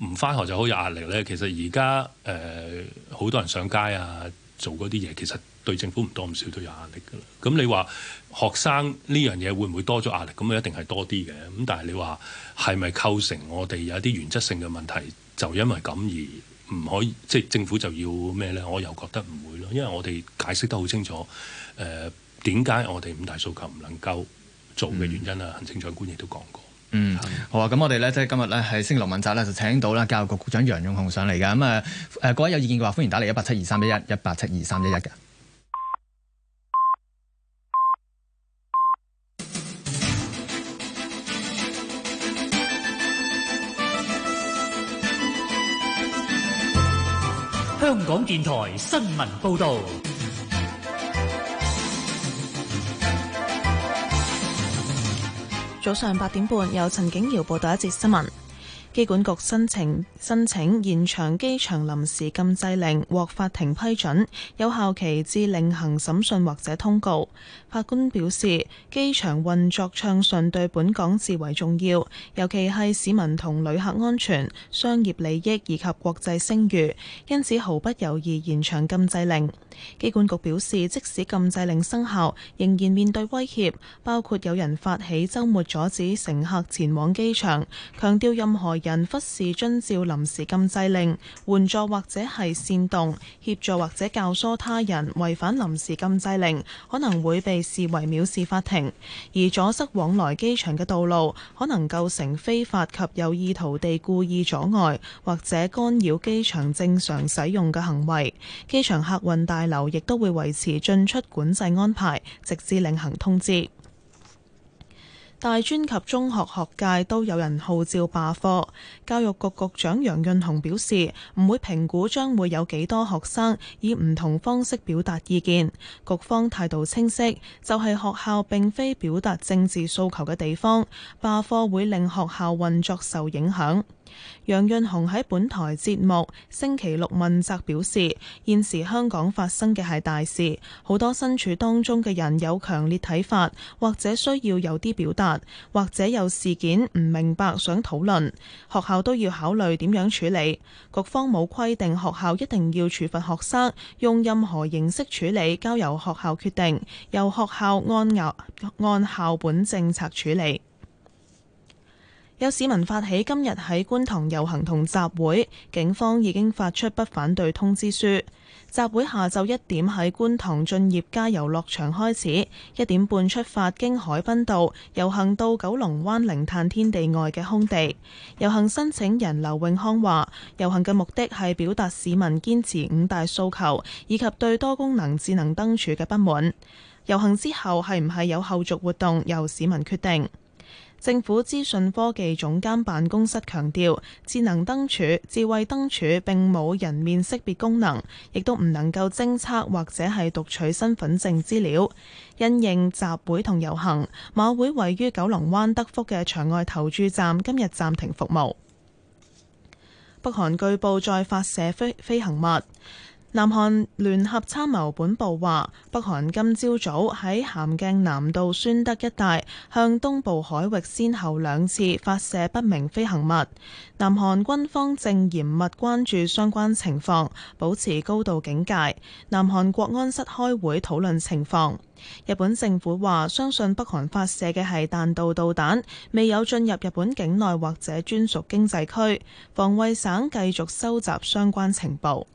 唔返學就好有壓力咧？其實而家誒好多人上街啊，做嗰啲嘢，其實對政府唔多唔少都有壓力㗎。咁你話？學生呢樣嘢會唔會多咗壓力？咁啊一定係多啲嘅。咁但係你話係咪構成我哋有一啲原則性嘅問題，就因為咁而唔可以，即係政府就要咩咧？我又覺得唔會咯，因為我哋解釋得好清楚。誒點解我哋五大訴求唔能夠做嘅原因啊？嗯、行政長官亦都講過。嗯，嗎好啊。咁我哋咧即係今日咧係星期六問責咧就請到啦教育局局長楊潤雄上嚟㗎。咁啊誒各位有意見嘅話，歡迎打嚟一八七二三一一一八七二三一一嘅。香港電台新聞報道。早上八點半，由陳景瑤報道一節新聞。機管局申請申請延長機場臨時禁制令，獲法庭批准，有效期至另行審訊或者通告。法官表示，機場運作暢順對本港至為重要，尤其係市民同旅客安全、商業利益以及國際聲譽，因此毫不猶豫延，延長禁制令。機管局表示，即使禁制令生效，仍然面對威脅，包括有人發起週末阻止乘客前往機場，強調任何人忽視遵照臨時禁制令，援助或者係煽動、協助或者教唆他人違反臨時禁制令，可能會被視為藐視法庭；而阻塞往來機場嘅道路，可能構成非法及有意圖地故意阻礙或者干擾機場正常使用嘅行為。機場客運大樓亦都會維持進出管制安排，直至另行通知。大專及中學學界都有人號召罷課。教育局局長楊潤雄表示，唔會評估將會有幾多學生以唔同方式表達意見。局方態度清晰，就係學校並非表達政治訴求嘅地方，罷課會令學校運作受影響。楊潤雄喺本台節目星期六問責表示，現時香港發生嘅係大事，好多身處當中嘅人有強烈睇法，或者需要有啲表達，或者有事件唔明白，想討論，學校都要考慮點樣處理。局方冇規定學校一定要處罰學生，用任何形式處理，交由學校決定，由學校按校按校本政策處理。有市民發起今日喺觀塘遊行同集會，警方已經發出不反對通知書。集會下晝一點喺觀塘駿業街遊樂場開始，一點半出發經海濱道遊行到九龍灣零碳天地外嘅空地。遊行申請人劉永康話：遊行嘅目的係表達市民堅持五大訴求以及對多功能智能燈柱嘅不滿。遊行之後係唔係有後續活動，由市民決定。政府資訊科技總監辦公室強調，智能燈柱、智慧燈柱並冇人面識別功能，亦都唔能夠偵測或者係讀取身份證資料。因應集會同遊行，馬會位於九龍灣德福嘅場外投注站今日暫停服務。北韓據報再發射飛飛行物。南韓聯合參謀本部話，北韓今朝早喺咸鏡南道宣德一帶向東部海域，先後兩次發射不明飛行物。南韓軍方正嚴密關注相關情況，保持高度警戒。南韓國安室開會討論情況。日本政府話，相信北韓發射嘅係彈道導彈，未有進入日本境內或者專屬經濟區。防衛省繼續收集相關情報。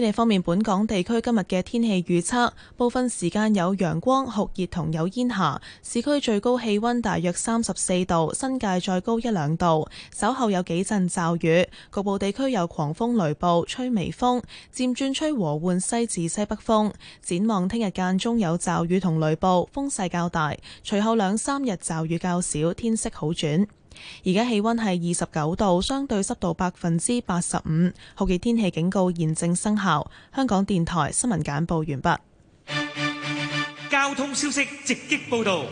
天氣方面，本港地區今日嘅天氣預測，部分時間有陽光、酷熱同有煙霞，市區最高氣溫大約三十四度，新界再高一兩度。稍後有幾陣驟雨，局部地區有狂風雷暴，吹微風，漸轉吹和緩西至西北風。展望聽日間中有驟雨同雷暴，風勢較大。隨後兩三日驟雨較少，天色好轉。而家氣温係二十九度，相對濕度百分之八十五，酷熱天氣警告現正生效。香港電台新聞簡報完畢。交通消息直擊報道。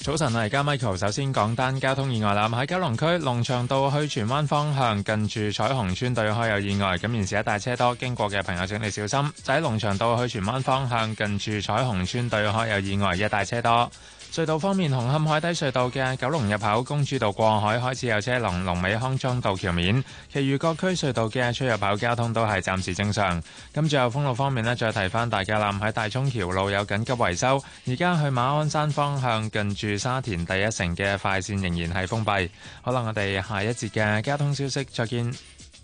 早晨啊，而家 Michael 首先講單交通意外啦。喺九龍區龍翔道去荃灣方向近住彩虹村對開有意外，咁現時一帶車多，經過嘅朋友請你小心。就喺龍翔道去荃灣方向近住彩虹村對開有意外，一帶車多。隧道方面，紅磡海底隧道嘅九龍入口公主道過海開始有車龍，龍尾康莊道橋面，其餘各區隧道嘅出入口交通都係暫時正常。咁最後，封路方面呢，再提翻大家，啦喺大涌橋路有緊急維修，而家去馬鞍山方向近住沙田第一城嘅快線仍然係封閉。好啦，我哋下一節嘅交通消息，再見。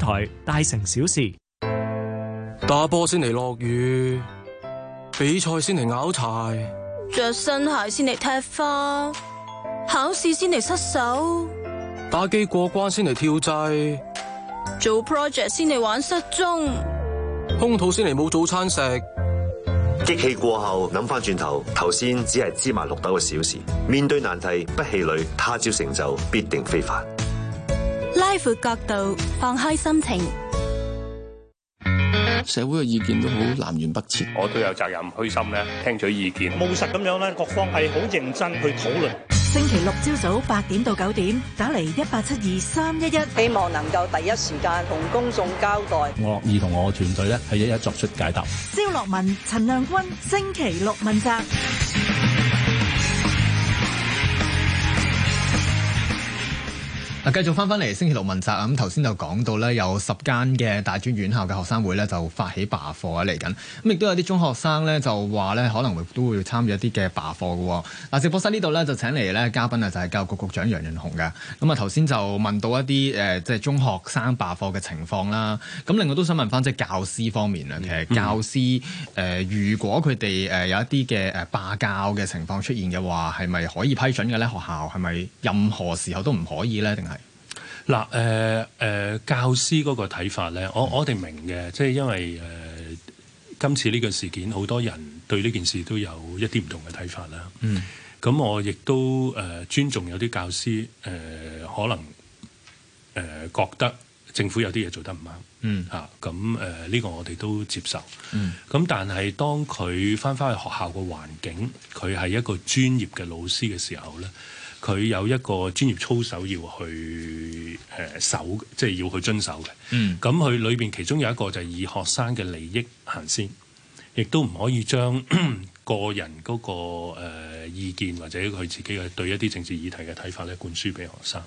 台大成小事，打波先嚟落雨，比賽先嚟拗柴，着新鞋先嚟踢花，考試先嚟失手，打機過關先嚟跳掣，做 project 先嚟玩失蹤，空肚先嚟冇早餐食，激氣過後諗翻轉頭，頭先只係芝麻綠豆嘅小事，面對難題不氣餒，他朝成就必定非凡。拉闊角度，放開心情。社會嘅意見都好南轅北轍，我都有責任虛心咧，聽取意見，務實咁樣咧，各方係好認真去討論。星期六朝早八點到九點，打嚟一八七二三一一，希望能夠第一時間同公眾交代。我樂意同我嘅團隊咧，係一一作出解答。蕭洛汶、陳亮均，星期六問責。嗱，繼續翻翻嚟星期六問責，咁頭先就講到咧，有十間嘅大專院校嘅學生會咧，就發起罷課啊，嚟緊。咁亦都有啲中學生咧，就話咧，可能會都會參與一啲嘅罷課嘅。嗱，直播室呢度咧，就請嚟咧，嘉賓啊，就係教育局局長楊潤雄嘅。咁啊，頭先就問到一啲誒，即、呃、係中學生罷課嘅情況啦。咁另外都想問翻，即係教師方面啊，其實教師誒、嗯呃，如果佢哋誒有一啲嘅誒罷教嘅情況出現嘅話，係咪可以批准嘅咧？學校係咪任何時候都唔可以咧，定係？嗱，誒誒、呃呃、教師嗰個睇法咧、嗯，我我哋明嘅，即係因為誒、呃、今次呢個事件，好多人對呢件事都有一啲唔同嘅睇法啦。嗯，咁我亦都誒、呃、尊重有啲教師誒、呃，可能誒、呃、覺得政府有啲嘢做得唔啱。嗯，嚇、啊，咁誒呢個我哋都接受。嗯，咁但係當佢返返去學校個環境，佢係一個專業嘅老師嘅時候咧。佢有一個專業操守要去誒守，即係要去遵守嘅。嗯，咁佢裏邊其中有一個就係以學生嘅利益行先，亦都唔可以將 個人嗰個，呃，意見或者佢自己嘅對一啲政治議題嘅睇法咧灌輸俾學生。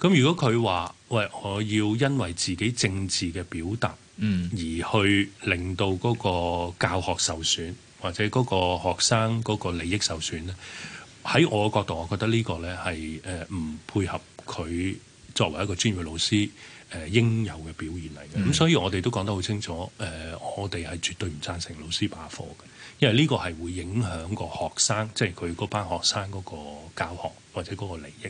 咁如果佢話：喂，我要因為自己政治嘅表達而去令到嗰個教學受損，或者嗰個學生嗰個利益受損咧，喺我嘅角度，我覺得呢個咧係誒唔配合佢作為一個專業老師誒、呃、應有嘅表現嚟嘅。咁、嗯、所以，我哋都講得好清楚，誒、呃，我哋係絕對唔贊成老師罷課嘅，因為呢個係會影響個學生，即係佢嗰班學生嗰個教學或者嗰個利益。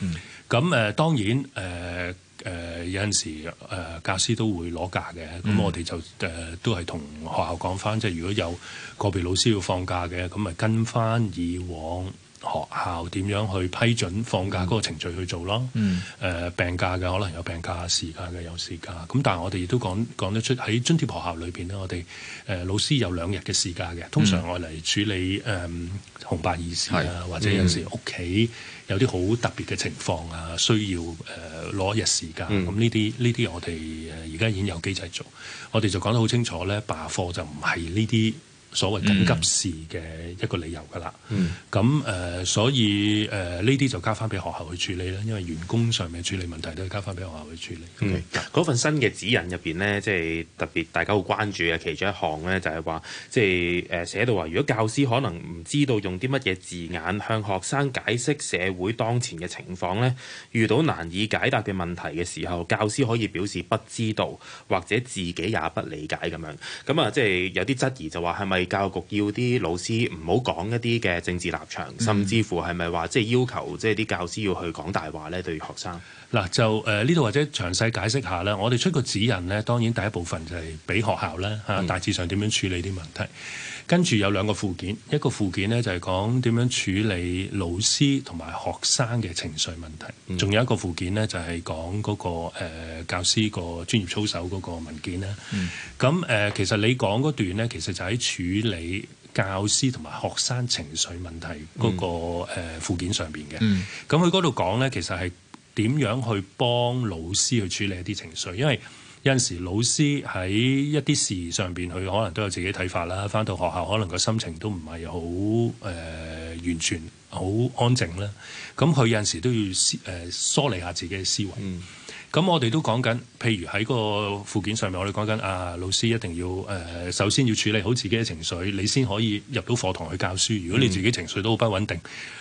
嗯。咁誒、呃，當然誒誒、呃呃、有陣時誒、呃、教師都會攞假嘅，咁我哋就誒、呃、都係同學校講翻，即係如果有個別老師要放假嘅，咁咪跟翻以往。學校點樣去批准放假嗰個程序去做咯。誒、嗯呃、病假嘅可能有病假時間嘅，有時間，咁但係我哋亦都講講得出喺津貼學校裏邊咧，我哋誒、呃、老師有兩日嘅事假嘅，通常我嚟處理誒、呃、紅白二事啊，是或者有時屋企有啲好特別嘅情況啊，需要誒攞、呃、一日時間。咁呢啲呢啲我哋而家已經有機制做，嗯、我哋就講得好清楚咧，罷課就唔係呢啲。所謂緊急事嘅一個理由㗎啦，咁誒、嗯呃，所以誒呢啲就交翻俾學校去處理啦，因為員工上面處理問題都要交翻俾學校去處理。okay? 嗯，嗰份新嘅指引入邊呢，即係特別大家好關注嘅其中一項呢，就係話即係誒寫到話，如果教師可能唔知道用啲乜嘢字眼向學生解釋社會當前嘅情況呢，遇到難以解答嘅問題嘅時候，教師可以表示不知道或者自己也不理解咁樣。咁啊，即係有啲質疑就話係咪，是教育局要啲老師唔好講一啲嘅政治立場，甚至乎係咪話即係要求即係啲教師要去講大話咧？對學生嗱，嗯、就誒呢度或者詳細解釋下啦。我哋出個指引咧，當然第一部分就係俾學校啦，啊，大致上點樣處理啲問題。跟住有兩個附件，一個附件呢就係講點樣處理老師同埋學生嘅情緒問題，仲、嗯、有一個附件呢就係講嗰個誒、呃、教師個專業操守嗰個文件啦。咁誒、嗯呃、其實你講嗰段呢，其實就喺處理教師同埋學生情緒問題嗰個誒附、嗯呃、件上邊嘅。咁佢嗰度講呢，其實係點樣去幫老師去處理一啲情緒，因為。有陣時老師喺一啲事上邊，佢可能都有自己睇法啦。返到學校，可能個心情都唔係好誒完全好安靜啦。咁佢有陣時都要思、呃、梳理下自己嘅思維。咁、嗯、我哋都講緊，譬如喺個附件上面，我哋講緊啊老師一定要誒、呃，首先要處理好自己嘅情緒，你先可以入到課堂去教書。如果你自己情緒都好不穩定，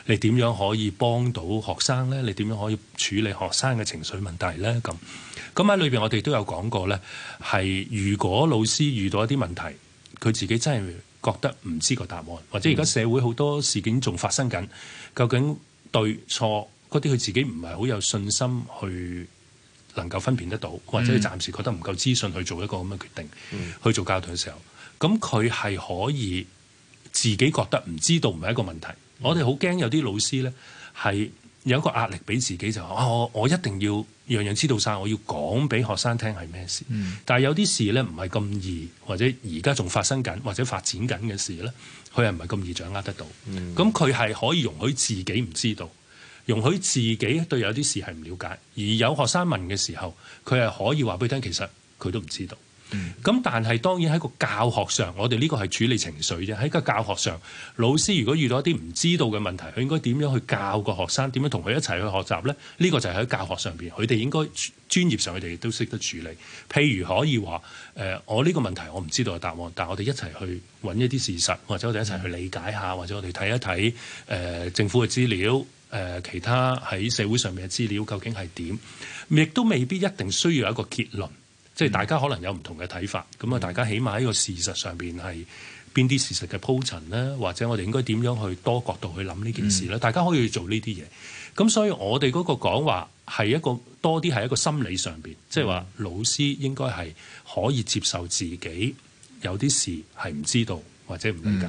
你點樣可以幫到學生呢？你點樣可以處理學生嘅情緒問題呢？」咁，咁喺裏邊我哋都有講過咧，係如果老師遇到一啲問題，佢自己真係覺得唔知個答案，或者而家社會好多事件仲發生緊，究竟對錯嗰啲，佢自己唔係好有信心去能夠分辨得到，或者暫時覺得唔夠資訊去做一個咁嘅決定，嗯、去做教導嘅時候，咁佢係可以自己覺得唔知道唔係一個問題。我哋好驚有啲老師咧係。有一個壓力俾自己就話，我一定要樣樣知道晒。我要講俾學生聽係咩事。嗯、但係有啲事咧唔係咁易，或者而家仲發生緊或者發展緊嘅事咧，佢係唔係咁易掌握得到？咁佢係可以容許自己唔知道，容許自己對有啲事係唔了解，而有學生問嘅時候，佢係可以話俾佢聽，其實佢都唔知道。咁、嗯、但係當然喺個教學上，我哋呢個係處理情緒啫。喺個教學上，老師如果遇到一啲唔知道嘅問題，佢應該點樣去教個學生？點樣同佢一齊去學習呢？呢、呢個就係喺教學上邊，佢哋應該專業上佢哋都識得處理。譬如可以話誒、呃，我呢個問題我唔知道答案，但我哋一齊去揾一啲事實，或者我哋一齊去理解下，或者我哋睇一睇誒、呃、政府嘅資料，誒、呃、其他喺社會上面嘅資料究竟係點，亦都未必一定需要一個結論。即係大家可能有唔同嘅睇法，咁啊大家起碼喺個事實上邊係邊啲事實嘅鋪陳呢？或者我哋應該點樣去多角度去諗呢件事呢？嗯、大家可以去做呢啲嘢，咁所以我哋嗰個講話係一個多啲係一個心理上邊，即係話老師應該係可以接受自己有啲事係唔知道。嗯或者唔理解，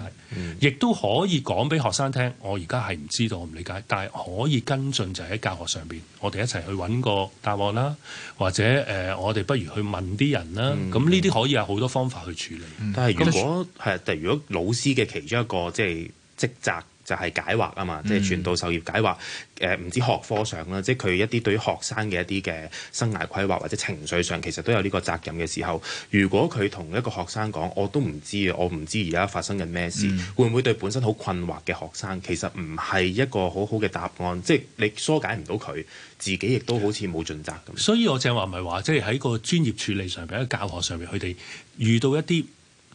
亦都、嗯嗯、可以講俾學生聽。我而家係唔知道，唔理解，但係可以跟進就喺教學上邊，我哋一齊去揾個答案啦。或者誒、呃、我哋不如去問啲人啦。咁呢啲可以有好多方法去處理。嗯、但係如果係你，但係如果老師嘅其中一個即係職責。就係解惑啊嘛，即係傳道授業解惑。誒、呃、唔知學科上啦，即係佢一啲對於學生嘅一啲嘅生涯規劃或者情緒上，其實都有呢個責任嘅時候。如果佢同一個學生講，我都唔知啊，我唔知而家發生緊咩事，嗯、會唔會對本身好困惑嘅學生，其實唔係一個好好嘅答案，即係你疏解唔到佢，自己亦都好似冇盡責咁。所以我淨係話唔係話，即係喺個專業處理上面、喺教學上面，佢哋遇到一啲。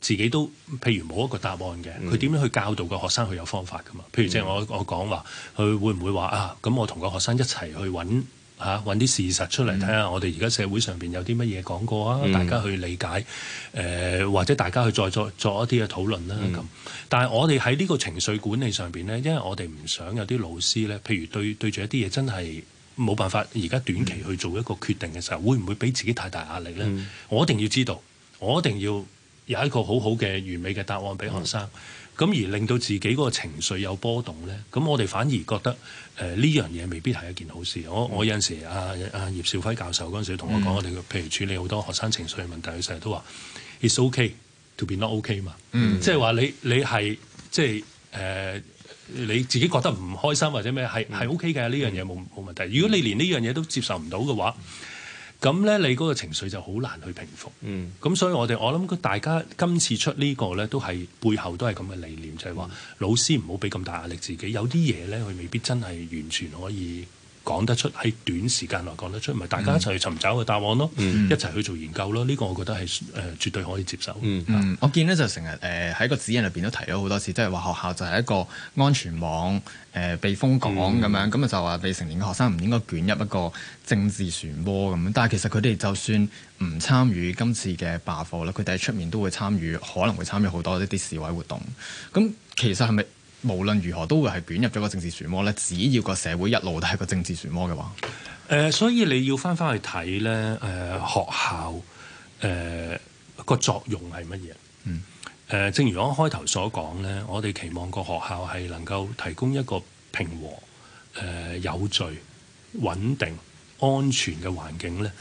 自己都譬如冇一個答案嘅，佢點、嗯、樣去教導個學生佢有方法噶嘛？譬如即係我、嗯、我講話，佢會唔會話啊？咁我同個學生一齊去揾嚇揾啲事實出嚟睇下，嗯、看看我哋而家社會上邊有啲乜嘢講過啊？嗯、大家去理解誒、呃，或者大家去再作作一啲嘅討論啦咁。但係我哋喺呢個情緒管理上邊咧，因為我哋唔想有啲老師咧，譬如對對住一啲嘢真係冇辦法，而家短期去做一個決定嘅時候，會唔會俾自己太大壓力咧、嗯？我一定要知道，我一定要。有一個好好嘅完美嘅答案俾學生，咁、嗯、而令到自己嗰個情緒有波動呢。咁我哋反而覺得誒呢、呃、樣嘢未必係一件好事。嗯、我我有陣時阿阿、啊啊、葉兆輝教授嗰陣時同我講，我哋譬如處理好多學生情緒嘅問題，佢成日都話，It's okay to be not okay 嘛，嗯、即係話你你係即係誒你自己覺得唔開心或者咩係係 OK 嘅呢樣嘢冇冇問題。嗯、如果你連呢樣嘢都接受唔到嘅話，咁咧，那你嗰個情緒就好難去平復。咁、嗯、所以我哋，我諗大家今次出呢個咧，都係背後都係咁嘅理念，就係、是、話老師唔好俾咁大壓力自己。有啲嘢咧，佢未必真係完全可以。講得出喺短時間內講得出，咪大家一齊去尋找個答案咯，嗯、一齊去做研究咯。呢個我覺得係誒、呃、絕對可以接受。嗯、是我見呢就成日誒喺個指引入邊都提咗好多次，即係話學校就係一個安全網、誒避風港咁、嗯、樣。咁啊就話未成年嘅學生唔應該捲入一個政治漩渦咁樣。但係其實佢哋就算唔參與今次嘅罷課啦，佢哋喺出面都會參與，可能會參與好多一啲示威活動。咁其實係咪？無論如何都會係捲入咗個政治漩渦咧，只要個社會一路都係個政治漩渦嘅話，誒、呃，所以你要翻翻去睇咧，誒、呃，學校誒、呃、個作用係乜嘢？嗯，誒、呃，正如我開頭所講咧，我哋期望個學校係能夠提供一個平和、誒、呃、有序、穩定、安全嘅環境咧，誒、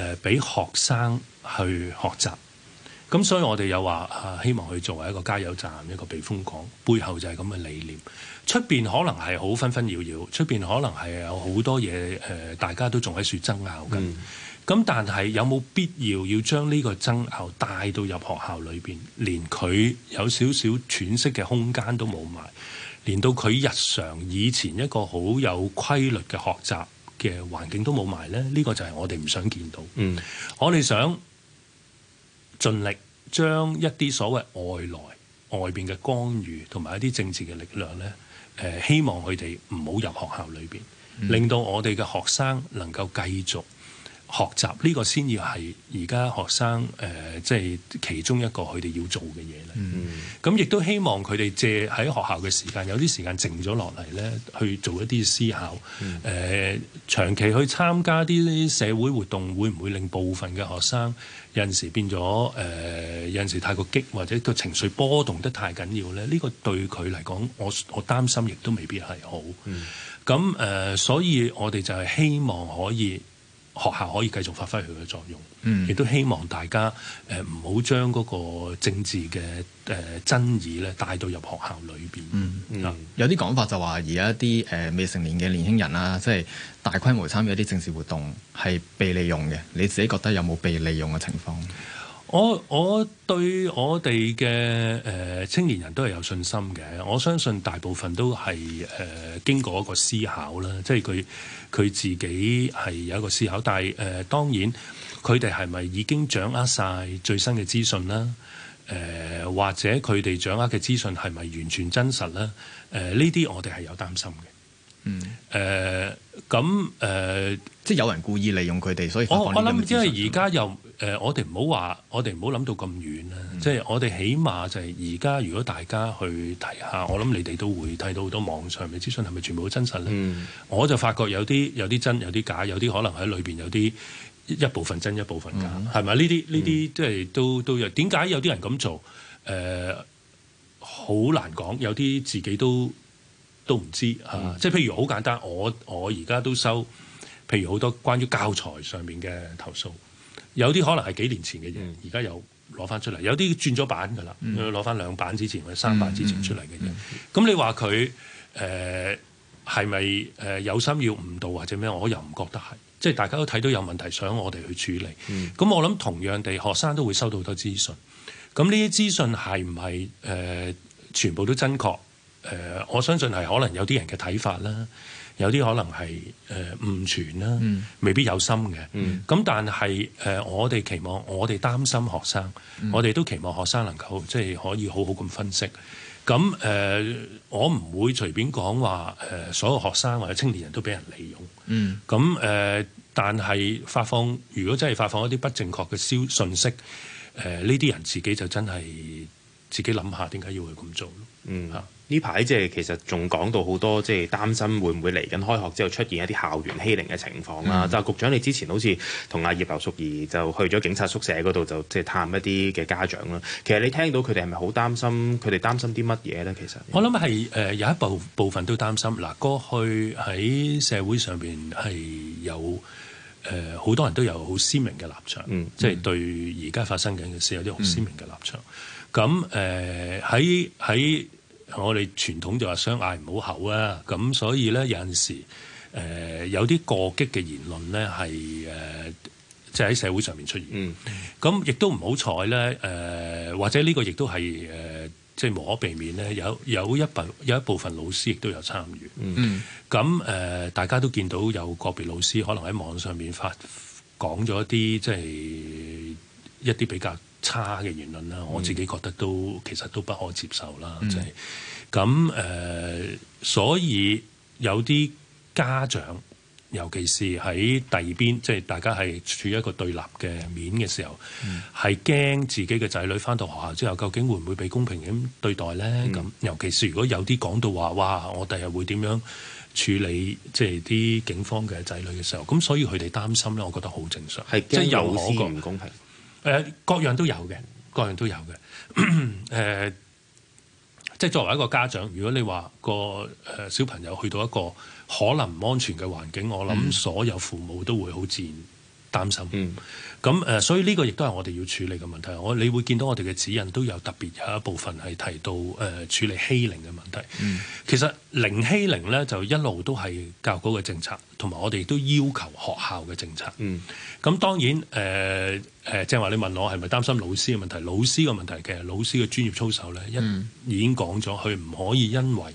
呃，俾學生去學習。咁所以我哋又話啊，希望佢作為一個加油站、一個避風港，背後就係咁嘅理念。出邊可能係好紛紛擾擾，出邊可能係有好多嘢誒、呃，大家都仲喺處爭拗緊。咁、嗯、但係有冇必要要將呢個爭拗帶到入學校裏邊，連佢有少少喘息嘅空間都冇埋，連到佢日常以前一個好有規律嘅學習嘅環境都冇埋咧？呢、呢個就係我哋唔想見到。嗯，我哋想，盡力將一啲所謂外來外邊嘅干預同埋一啲政治嘅力量咧，誒、呃、希望佢哋唔好入學校裏邊，令到我哋嘅學生能夠繼續。學習呢、這個先至係而家學生誒、呃，即係其中一個佢哋要做嘅嘢咧。咁亦、嗯嗯、都希望佢哋借喺學校嘅時間，有啲時間靜咗落嚟咧，去做一啲思考。誒、嗯呃，長期去參加啲社會活動，會唔會令部分嘅學生有陣時變咗誒、呃？有陣時太過激，或者個情緒波動得太緊要咧？呢、這個對佢嚟講，我我擔心，亦都未必係好。咁誒、嗯嗯呃，所以我哋就係希望可以。學校可以繼續發揮佢嘅作用，亦、嗯、都希望大家誒唔好將嗰個政治嘅誒、呃、爭議咧帶到入學校裏邊。嗱、嗯，嗯、Yeah. 有啲講法就話，而家啲誒未成年嘅年輕人啦，即、就、係、是、大規模參與一啲政治活動係被利用嘅。你自己覺得有冇被利用嘅情況？我我對我哋嘅誒青年人都係有信心嘅，我相信大部分都係誒、呃、經過一個思考啦，即係佢佢自己係有一個思考，但係誒、呃、當然佢哋係咪已經掌握晒最新嘅資訊啦？誒、呃、或者佢哋掌握嘅資訊係咪完全真實咧？誒呢啲我哋係有擔心嘅。嗯，誒、呃，咁誒，呃、即係有人故意利用佢哋，所以我諗，即係而家又誒，我哋唔好話，我哋唔好諗到咁遠啦、啊。即係、嗯、我哋起碼就係而家，如果大家去睇下，嗯、我諗你哋都會睇到好多網上面資訊，係咪全部真實咧？嗯、我就發覺有啲有啲真，有啲假，有啲可能喺裏邊有啲一部分真，一部分假，係咪呢啲呢啲即係都都，都有。點解有啲人咁做？誒、呃，好難講。有啲自己都。都唔知嚇、啊，即係譬如好簡單，我我而家都收，譬如好多關於教材上面嘅投訴，有啲可能係幾年前嘅嘢，而家、嗯、又攞翻出嚟，有啲轉咗版㗎啦，攞翻兩版之前或者三版之前出嚟嘅嘢，咁、嗯嗯嗯、你話佢誒係咪誒有心要誤導或者咩？我又唔覺得係，即係大家都睇到有問題，想我哋去處理。咁、嗯、我諗同樣地，學生都會收到好多資訊，咁呢啲資訊係唔係誒全部都真確？誒、呃，我相信係可能有啲人嘅睇法啦，有啲可能係誒、呃、誤傳啦，嗯、未必有心嘅。咁、嗯、但係誒、呃，我哋期望，我哋擔心學生，嗯、我哋都期望學生能夠即係、就是、可以好好咁分析。咁誒、呃，我唔會隨便講話誒，所有學生或者青年人都俾人利用。嗯。咁誒、呃，但係發放，如果真係發放一啲不正確嘅消信息，誒呢啲人自己就真係。自己諗下點解要去咁做。嗯啊，呢排即係其實仲講到好多，即係擔心會唔會嚟緊開學之後出現一啲校園欺凌嘅情況啦。嗯、就局長，你之前好似同阿葉劉淑儀就去咗警察宿舍嗰度，就即係探一啲嘅家長啦。其實你聽到佢哋係咪好擔心？佢哋擔心啲乜嘢咧？其實我諗係誒有一部部分都擔心嗱、呃。過去喺社會上邊係有誒好、呃、多人都有好鮮明嘅立場，即係、嗯嗯、對而家發生緊嘅事有啲好鮮明嘅立場。嗯嗯咁誒喺喺我哋傳統就話相嗌唔好口啊。咁所以咧有陣時誒、呃、有啲過激嘅言論咧係誒即喺社會上面出現。咁、嗯、亦都唔好彩咧誒，或者呢個亦都係誒即無可避免咧，有有一部有一部分老師亦都有參與。咁誒、嗯呃、大家都見到有個別老師可能喺網上面發講咗一啲即係一啲比較。差嘅言論啦，我自己覺得都其實都不可接受啦，即係咁誒。所以有啲家長，尤其是喺第二邊，即係大家係處於一個對立嘅面嘅時候，係驚、嗯、自己嘅仔女翻到學校之後，究竟會唔會被公平咁對待呢？咁、嗯、尤其是如果有啲講到話，哇！我第日會點樣處理？即係啲警方嘅仔女嘅時候，咁所以佢哋擔心呢，我覺得好正常，即係有個唔公平。誒各樣都有嘅，各樣都有嘅。誒、 呃，即係作為一個家長，如果你話個誒小朋友去到一個可能唔安全嘅環境，我諗所有父母都會好自擔心，咁誒、嗯呃，所以呢個亦都係我哋要處理嘅問題。我你會見到我哋嘅指引都有特別有一部分係提到誒、呃、處理欺凌嘅問題。嗯、其實零欺凌咧就一路都係教育局嘅政策，同埋我哋亦都要求學校嘅政策。咁、嗯、當然誒誒，即係話你問我係咪擔心老師嘅問題？老師嘅問題，其實老師嘅專業操守咧，嗯、一已經講咗，佢唔可以因為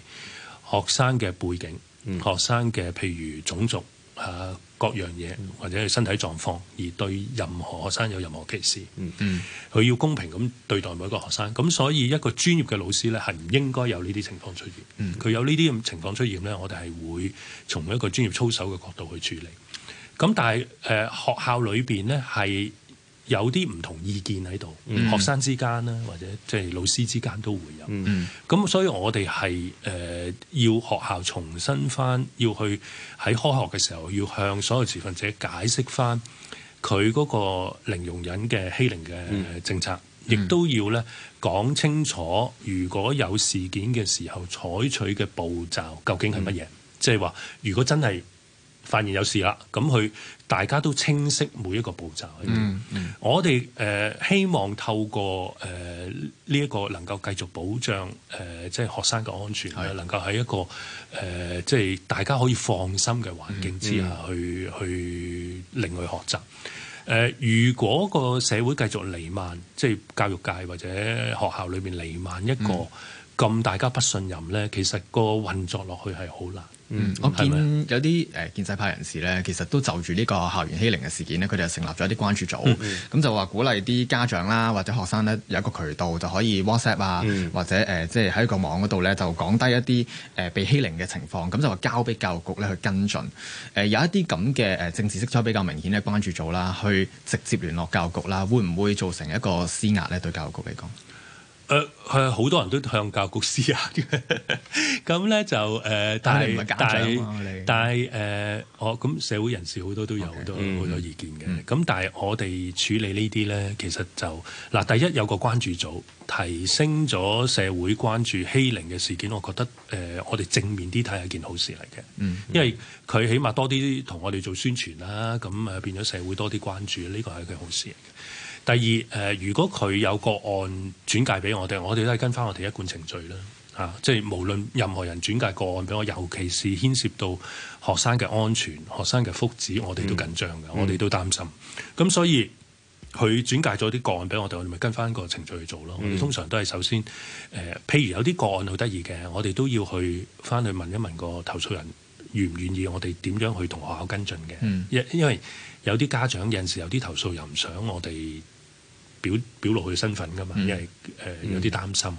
學生嘅背景、嗯、學生嘅譬如種族吓。啊各樣嘢或者佢身體狀況，而對任何學生有任何歧視，嗯嗯，佢要公平咁對待每一個學生，咁所以一個專業嘅老師咧，係唔應該有呢啲情況出現，佢有呢啲咁情況出現咧，我哋係會從一個專業操守嘅角度去處理，咁但係誒、呃、學校裏邊咧係。有啲唔同意見喺度，mm hmm. 學生之間啦，或者即係老師之間都會有。咁、mm hmm. 所以我哋係誒要學校重新翻，要去喺開學嘅時候，要向所有持份者解釋翻佢嗰個零容忍嘅欺凌嘅政策，亦、mm hmm. 都要咧講清楚，如果有事件嘅時候採取嘅步驟究竟係乜嘢，即係話如果真係發現有事啦，咁佢。大家都清晰每一個步驟，嗯嗯、我哋誒、呃、希望透過誒呢一個能夠繼續保障誒、呃、即係學生嘅安全，是的 能夠喺一個誒、呃、即係大家可以放心嘅環境之下去、嗯嗯去，去去令佢學習。誒、呃，如果個社會繼續瀰漫，即係教育界或者學校裏面瀰漫一個咁、嗯嗯、大家不信任咧，其實個運作落去係好難。嗯，嗎我見有啲誒建制派人士咧，其實都就住呢個校園欺凌嘅事件咧，佢哋就成立咗一啲關注組，咁、嗯、就話鼓勵啲家長啦或者學生咧有一個渠道就可以 WhatsApp 啊，嗯、或者誒即係喺個網嗰度咧就講低一啲誒被欺凌嘅情況，咁就話交俾教育局咧去跟進。誒、呃、有一啲咁嘅誒政治色彩比較明顯嘅關注組啦，去直接聯絡教育局啦，會唔會造成一個施壓咧對教育局嚟講？誒係好、呃、多人都向教局施壓嘅，咁咧就誒，呃、但係、啊、但係你但係誒，我、呃、咁、哦、社會人士好多都有好多好多意見嘅，咁、嗯、但係我哋處理呢啲咧，其實就嗱，第一有一個關注組，提升咗社會關注欺凌嘅事件，我覺得誒、呃，我哋正面啲睇係一件好事嚟嘅，嗯嗯、因為佢起碼多啲同我哋做宣傳啦，咁啊變咗社會多啲關注，呢、這個係一件好事。第二誒，如果佢有個案轉介俾我哋，我哋都係跟翻我哋一貫程序啦嚇、啊。即係無論任何人轉介個案俾我，尤其是牽涉到學生嘅安全、學生嘅福祉，我哋都緊張嘅，嗯、我哋都擔心。咁、嗯、所以佢轉介咗啲個案俾我哋，我哋咪跟翻個程序去做咯。嗯、我哋通常都係首先誒、呃，譬如有啲個案好得意嘅，我哋都要去翻去問一問個投訴人願唔願意我哋點樣去同學校跟進嘅。因、嗯、因為有啲家長有陣時有啲投訴又唔想我哋。表表露佢身份㗎嘛，因為誒有啲擔心，咁、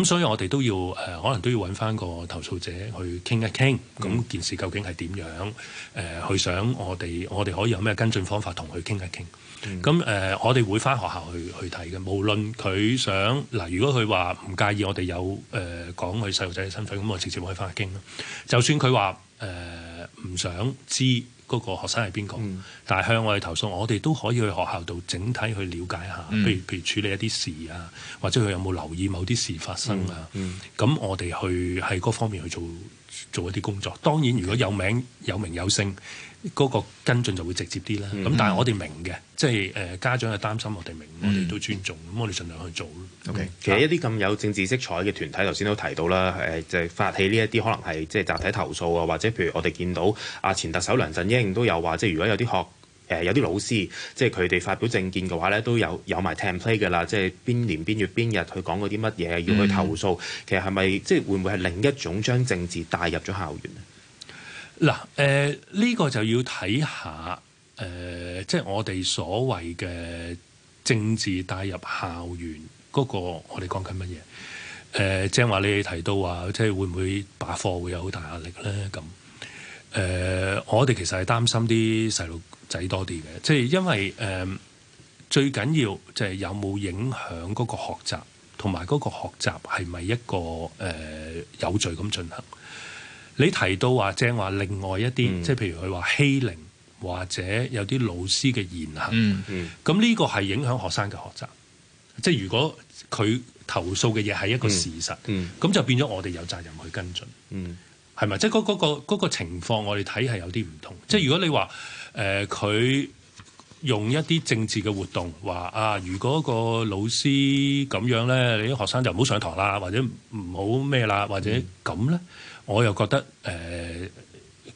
嗯、所以我哋都要誒、呃，可能都要揾翻個投訴者去傾一傾。咁、嗯、件事究竟係點樣？誒、呃，去想我哋我哋可以有咩跟進方法同佢傾一傾。咁誒、嗯呃，我哋會翻學校去去睇嘅。無論佢想嗱、呃，如果佢話唔介意我，我哋有誒講佢細路仔嘅身份，咁我直接可以翻去傾啦。就算佢話誒唔想知嗰個學生係邊個，嗯、但係向我哋投訴，我哋都可以去學校度整體去了解下，嗯、譬如譬如處理一啲事啊，或者佢有冇留意某啲事發生啊。咁、嗯嗯、我哋去喺嗰方面去做。做一啲工作，當然如果有名 Okay. 有名，有，名有姓，嗰、那個跟進就會直接啲啦。咁、mm hmm. 但係我哋明嘅，即係誒、呃、家長係擔心我，mm hmm. 我哋明，我哋都尊重，咁我哋盡量去做咯。OK，、嗯、其實一啲咁有政治色彩嘅團體，頭先都提到啦，誒、呃、就係、是、發起呢一啲可能係即係集體投訴啊，或者譬如我哋見到啊前特首梁振英都有話，即、就、係、是、如果有啲學。誒、呃、有啲老師，即係佢哋發表政見嘅話咧，都有有埋 template 嘅啦，即係邊年邊月邊日佢講過啲乜嘢，要去投訴。嗯、其實係咪即係會唔會係另一種將政治帶入咗校園？嗱，誒呢、呃呢個就要睇下，誒即係我哋所謂嘅政治帶入校園嗰、嗰個我，我哋講緊乜嘢？即正話你提到話，即係會唔會把課會有好大壓力咧？咁誒、呃，我哋其實係擔心啲細路。仔多啲嘅，即係因為誒、呃、最緊要就係有冇影響嗰個學習，同埋嗰個學習係咪一個誒、呃、有序咁進行？你提到話正話另外一啲，即係、嗯、譬如佢話欺凌或者有啲老師嘅言行，咁呢、嗯嗯、個係影響學生嘅學習。即係如果佢投訴嘅嘢係一個事實，咁、嗯嗯、就變咗我哋有責任去跟進，係咪、嗯？即係嗰嗰個嗰、個情況，我哋睇係有啲唔同。即係如果你話。誒佢、呃、用一啲政治嘅活動話啊，如果個老師咁樣咧，你啲學生就唔好上堂啦，或者唔好咩啦，或者咁咧，嗯、我又覺得誒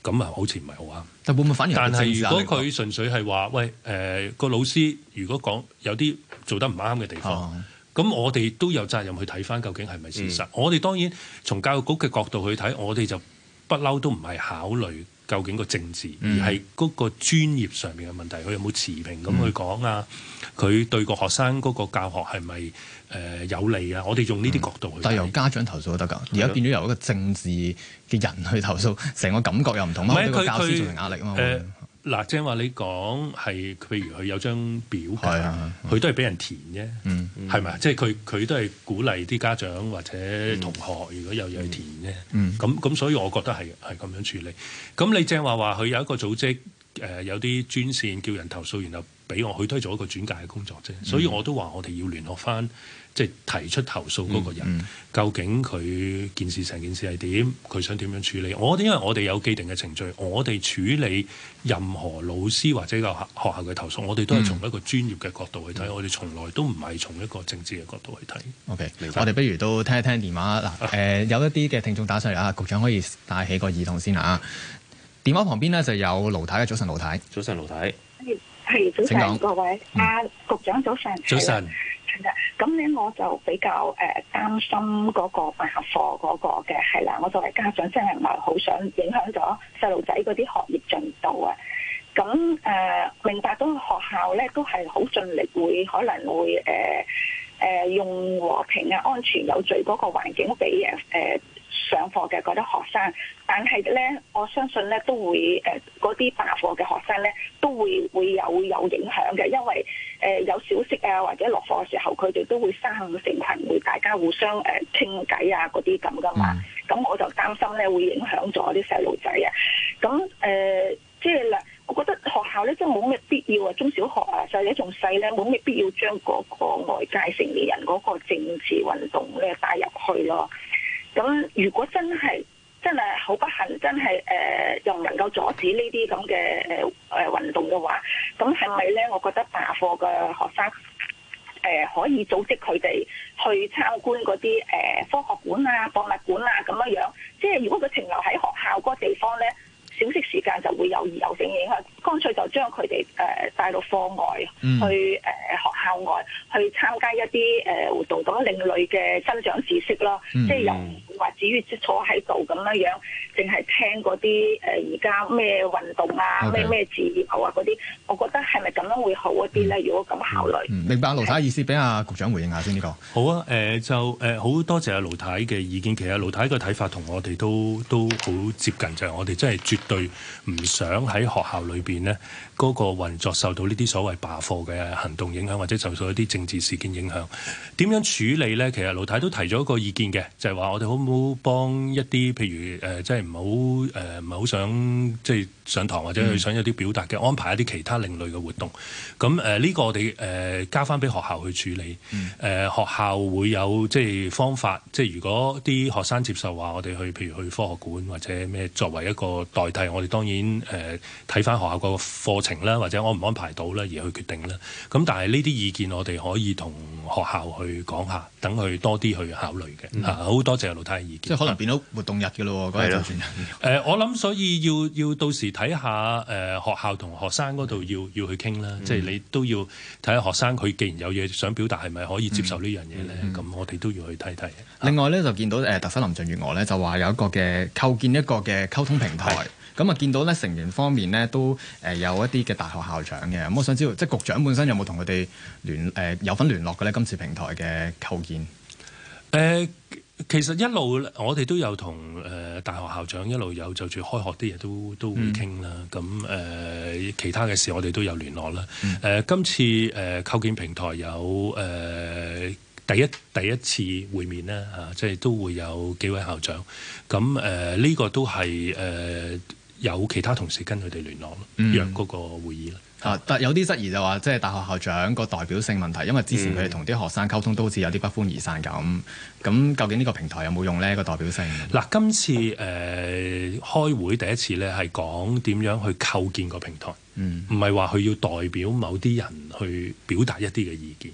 咁啊，呃、好似唔係好啱。但會唔會反而？但係如果佢純粹係話喂誒個、呃、老師，如果講有啲做得唔啱嘅地方，咁、哦、我哋都有責任去睇翻究竟係咪事實。嗯、我哋當然從教育局嘅角度去睇，我哋就不嬲都唔係考慮。究竟個政治，嗯、而係嗰個專業上面嘅問題，佢有冇持平咁去講啊？佢、嗯、對個學生嗰個教學係咪誒有利啊？我哋用呢啲角度去睇、嗯，但係由家長投訴都得㗎，而家變咗由一個政治嘅人去投訴，成個感覺又唔同。唔係對個教師造成壓力啊？呃嗱，正話你講係，譬如佢有張表格，佢 都係俾人填啫，係咪？ 即係佢佢都係鼓勵啲家長或者同學， 如果有嘢去填咧，咁咁， 所以我覺得係係咁樣處理。咁你正話話佢有一個組織，誒、呃、有啲專線叫人投訴，然後俾我，佢都係做一個轉介嘅工作啫。所以我都話我哋要聯絡翻。即係提出投訴嗰個人，嗯嗯、究竟佢件事成件事係點？佢想點樣處理？我哋因為我哋有既定嘅程序，我哋處理任何老師或者個學校嘅投訴，我哋都係從一個專業嘅角度去睇，嗯、我哋從來都唔係從一個政治嘅角度去睇。OK，明白。我哋不如都聽一聽電話嗱，誒、呃、 有一啲嘅聽眾打上嚟啊，局長可以戴起個耳筒先啊。電話旁邊呢就有盧太嘅。早晨盧太，早晨盧太，係，早晨各位，啊，局長早晨，早晨。咁咧，我就比較誒擔心嗰個罷課嗰個嘅，係啦，我作為家長真係唔係好想影響咗細路仔嗰啲學業進度啊。咁誒、呃，明白到學校咧都係好盡力會，會可能會誒誒、呃呃、用和平啊、安全有序嗰個環境俾誒誒上課嘅嗰啲學生。但係咧，我相信咧都會誒嗰啲罷課嘅學生咧都會會有會有影響嘅，因為，誒、呃，有小息啊，或者落課嘅時候，佢哋都會生，成群，會大家互相誒傾偈啊，嗰啲咁噶嘛。咁、嗯嗯、我就擔心咧，會影響咗啲細路仔啊。咁、嗯、誒、呃，即係啦，我覺得學校咧真係冇咩必要啊，中小學啊，就係仲細咧，冇咩必要將嗰個外界成年人嗰個政治運動咧帶入去咯。咁、嗯、如果真係，真係好不幸，真係誒又唔能夠阻止呢啲咁嘅誒誒運動嘅話，咁係咪咧？我覺得罷課嘅學生誒可以組織佢哋去參觀嗰啲誒科學館啊、博物館啊咁樣樣。即係如果佢停留喺學校嗰個地方咧，小息時間就會有意有正影響。乾脆就將佢哋誒帶到課外去誒學校外去參加一啲誒活動，咁另類嘅增長知識咯。即係由。或者月只坐喺度咁樣樣，淨係聽嗰啲誒，而家咩運動啊，咩咩 Okay. 字幕啊嗰啲，我覺得係咪咁樣會好一啲咧？嗯、如果咁考慮、嗯嗯，明白盧太意思，俾阿、啊、局長回應下先、這、呢個。好啊，誒、呃、就誒好、呃、多謝阿盧太嘅意見。其實盧太個睇法同我哋都都好接近，就係、是、我哋真係絕對唔想喺學校裏邊咧。嗰個運作受到呢啲所謂罷課嘅行動影響，或者受到一啲政治事件影響，點樣處理呢？其實盧太都提咗個意見嘅，就係、是、話我哋好唔好幫一啲譬如誒、呃，即係唔好誒，唔、呃、好想即係上堂或者去想有啲表達嘅，安排一啲其他另類嘅活動。咁誒呢個我哋誒交翻俾學校去處理。誒、呃、學校會有即係方法，即係如果啲學生接受話，我哋去譬如去科學館或者咩作為一個代替，我哋當然誒睇翻學校個課程。情啦，或者安唔安排到咧，而去決定咧。咁但係呢啲意見，我哋可以同學校去講下，等佢多啲去考慮嘅。啊、嗯，好多謝老太嘅意見。即係可能變到活動日嘅咯，係咯的、呃。我諗所以要要到時睇下誒學校同學生嗰度要要去傾啦。即係、嗯、你都要睇下學生佢既然有嘢想表達，係咪可以接受呢樣嘢咧？咁、嗯嗯、我哋都要去睇睇。另外咧就見到誒、呃、特首林鄭月娥咧就話有一個嘅構建一個嘅溝通平台。咁啊，見到咧成員方面咧都誒有一啲嘅大學校長嘅，咁、嗯、我想知道，即係局長本身有冇同佢哋聯誒、呃、有份聯絡嘅咧？今次平台嘅構建，誒、呃、其實一路我哋都有同誒、呃、大學校長一路有就住開學啲嘢都都會傾啦。咁誒、嗯呃、其他嘅事我哋都有聯絡啦。誒、嗯呃、今次誒、呃、構建平台有誒、呃、第一第一次會面啦，啊，即、就、係、是、都會有幾位校長。咁誒呢個都係誒。呃呃呃呃呃有其他同事跟佢哋聯絡咯，嗯、約嗰個會議、啊、但有啲質疑就話，即、就、係、係、大學校長個代表性問題，因為之前佢哋同啲學生溝通都好似有啲不歡而散咁。咁、嗯、究竟呢個平台有冇用呢？這個代表性？嗱、啊，今次誒、呃、開會第一次咧，係講點樣去構建個平台，唔係話佢要代表某啲人去表達一啲嘅意見。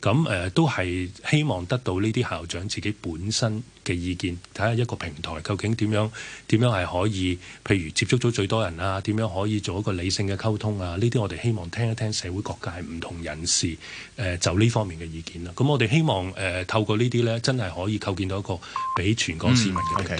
咁誒、呃、都係希望得到呢啲校長自己本身嘅意見，睇下一個平台究竟點樣點樣係可以，譬如接觸咗最多人啊，點樣可以做一個理性嘅溝通啊？呢啲我哋希望聽一聽社會各界唔同人士、呃、就呢方面嘅意見啦、啊。咁、嗯、我哋希望誒、呃、透過呢啲呢，真係可以構建到一個俾全港市民嘅。嗯 okay.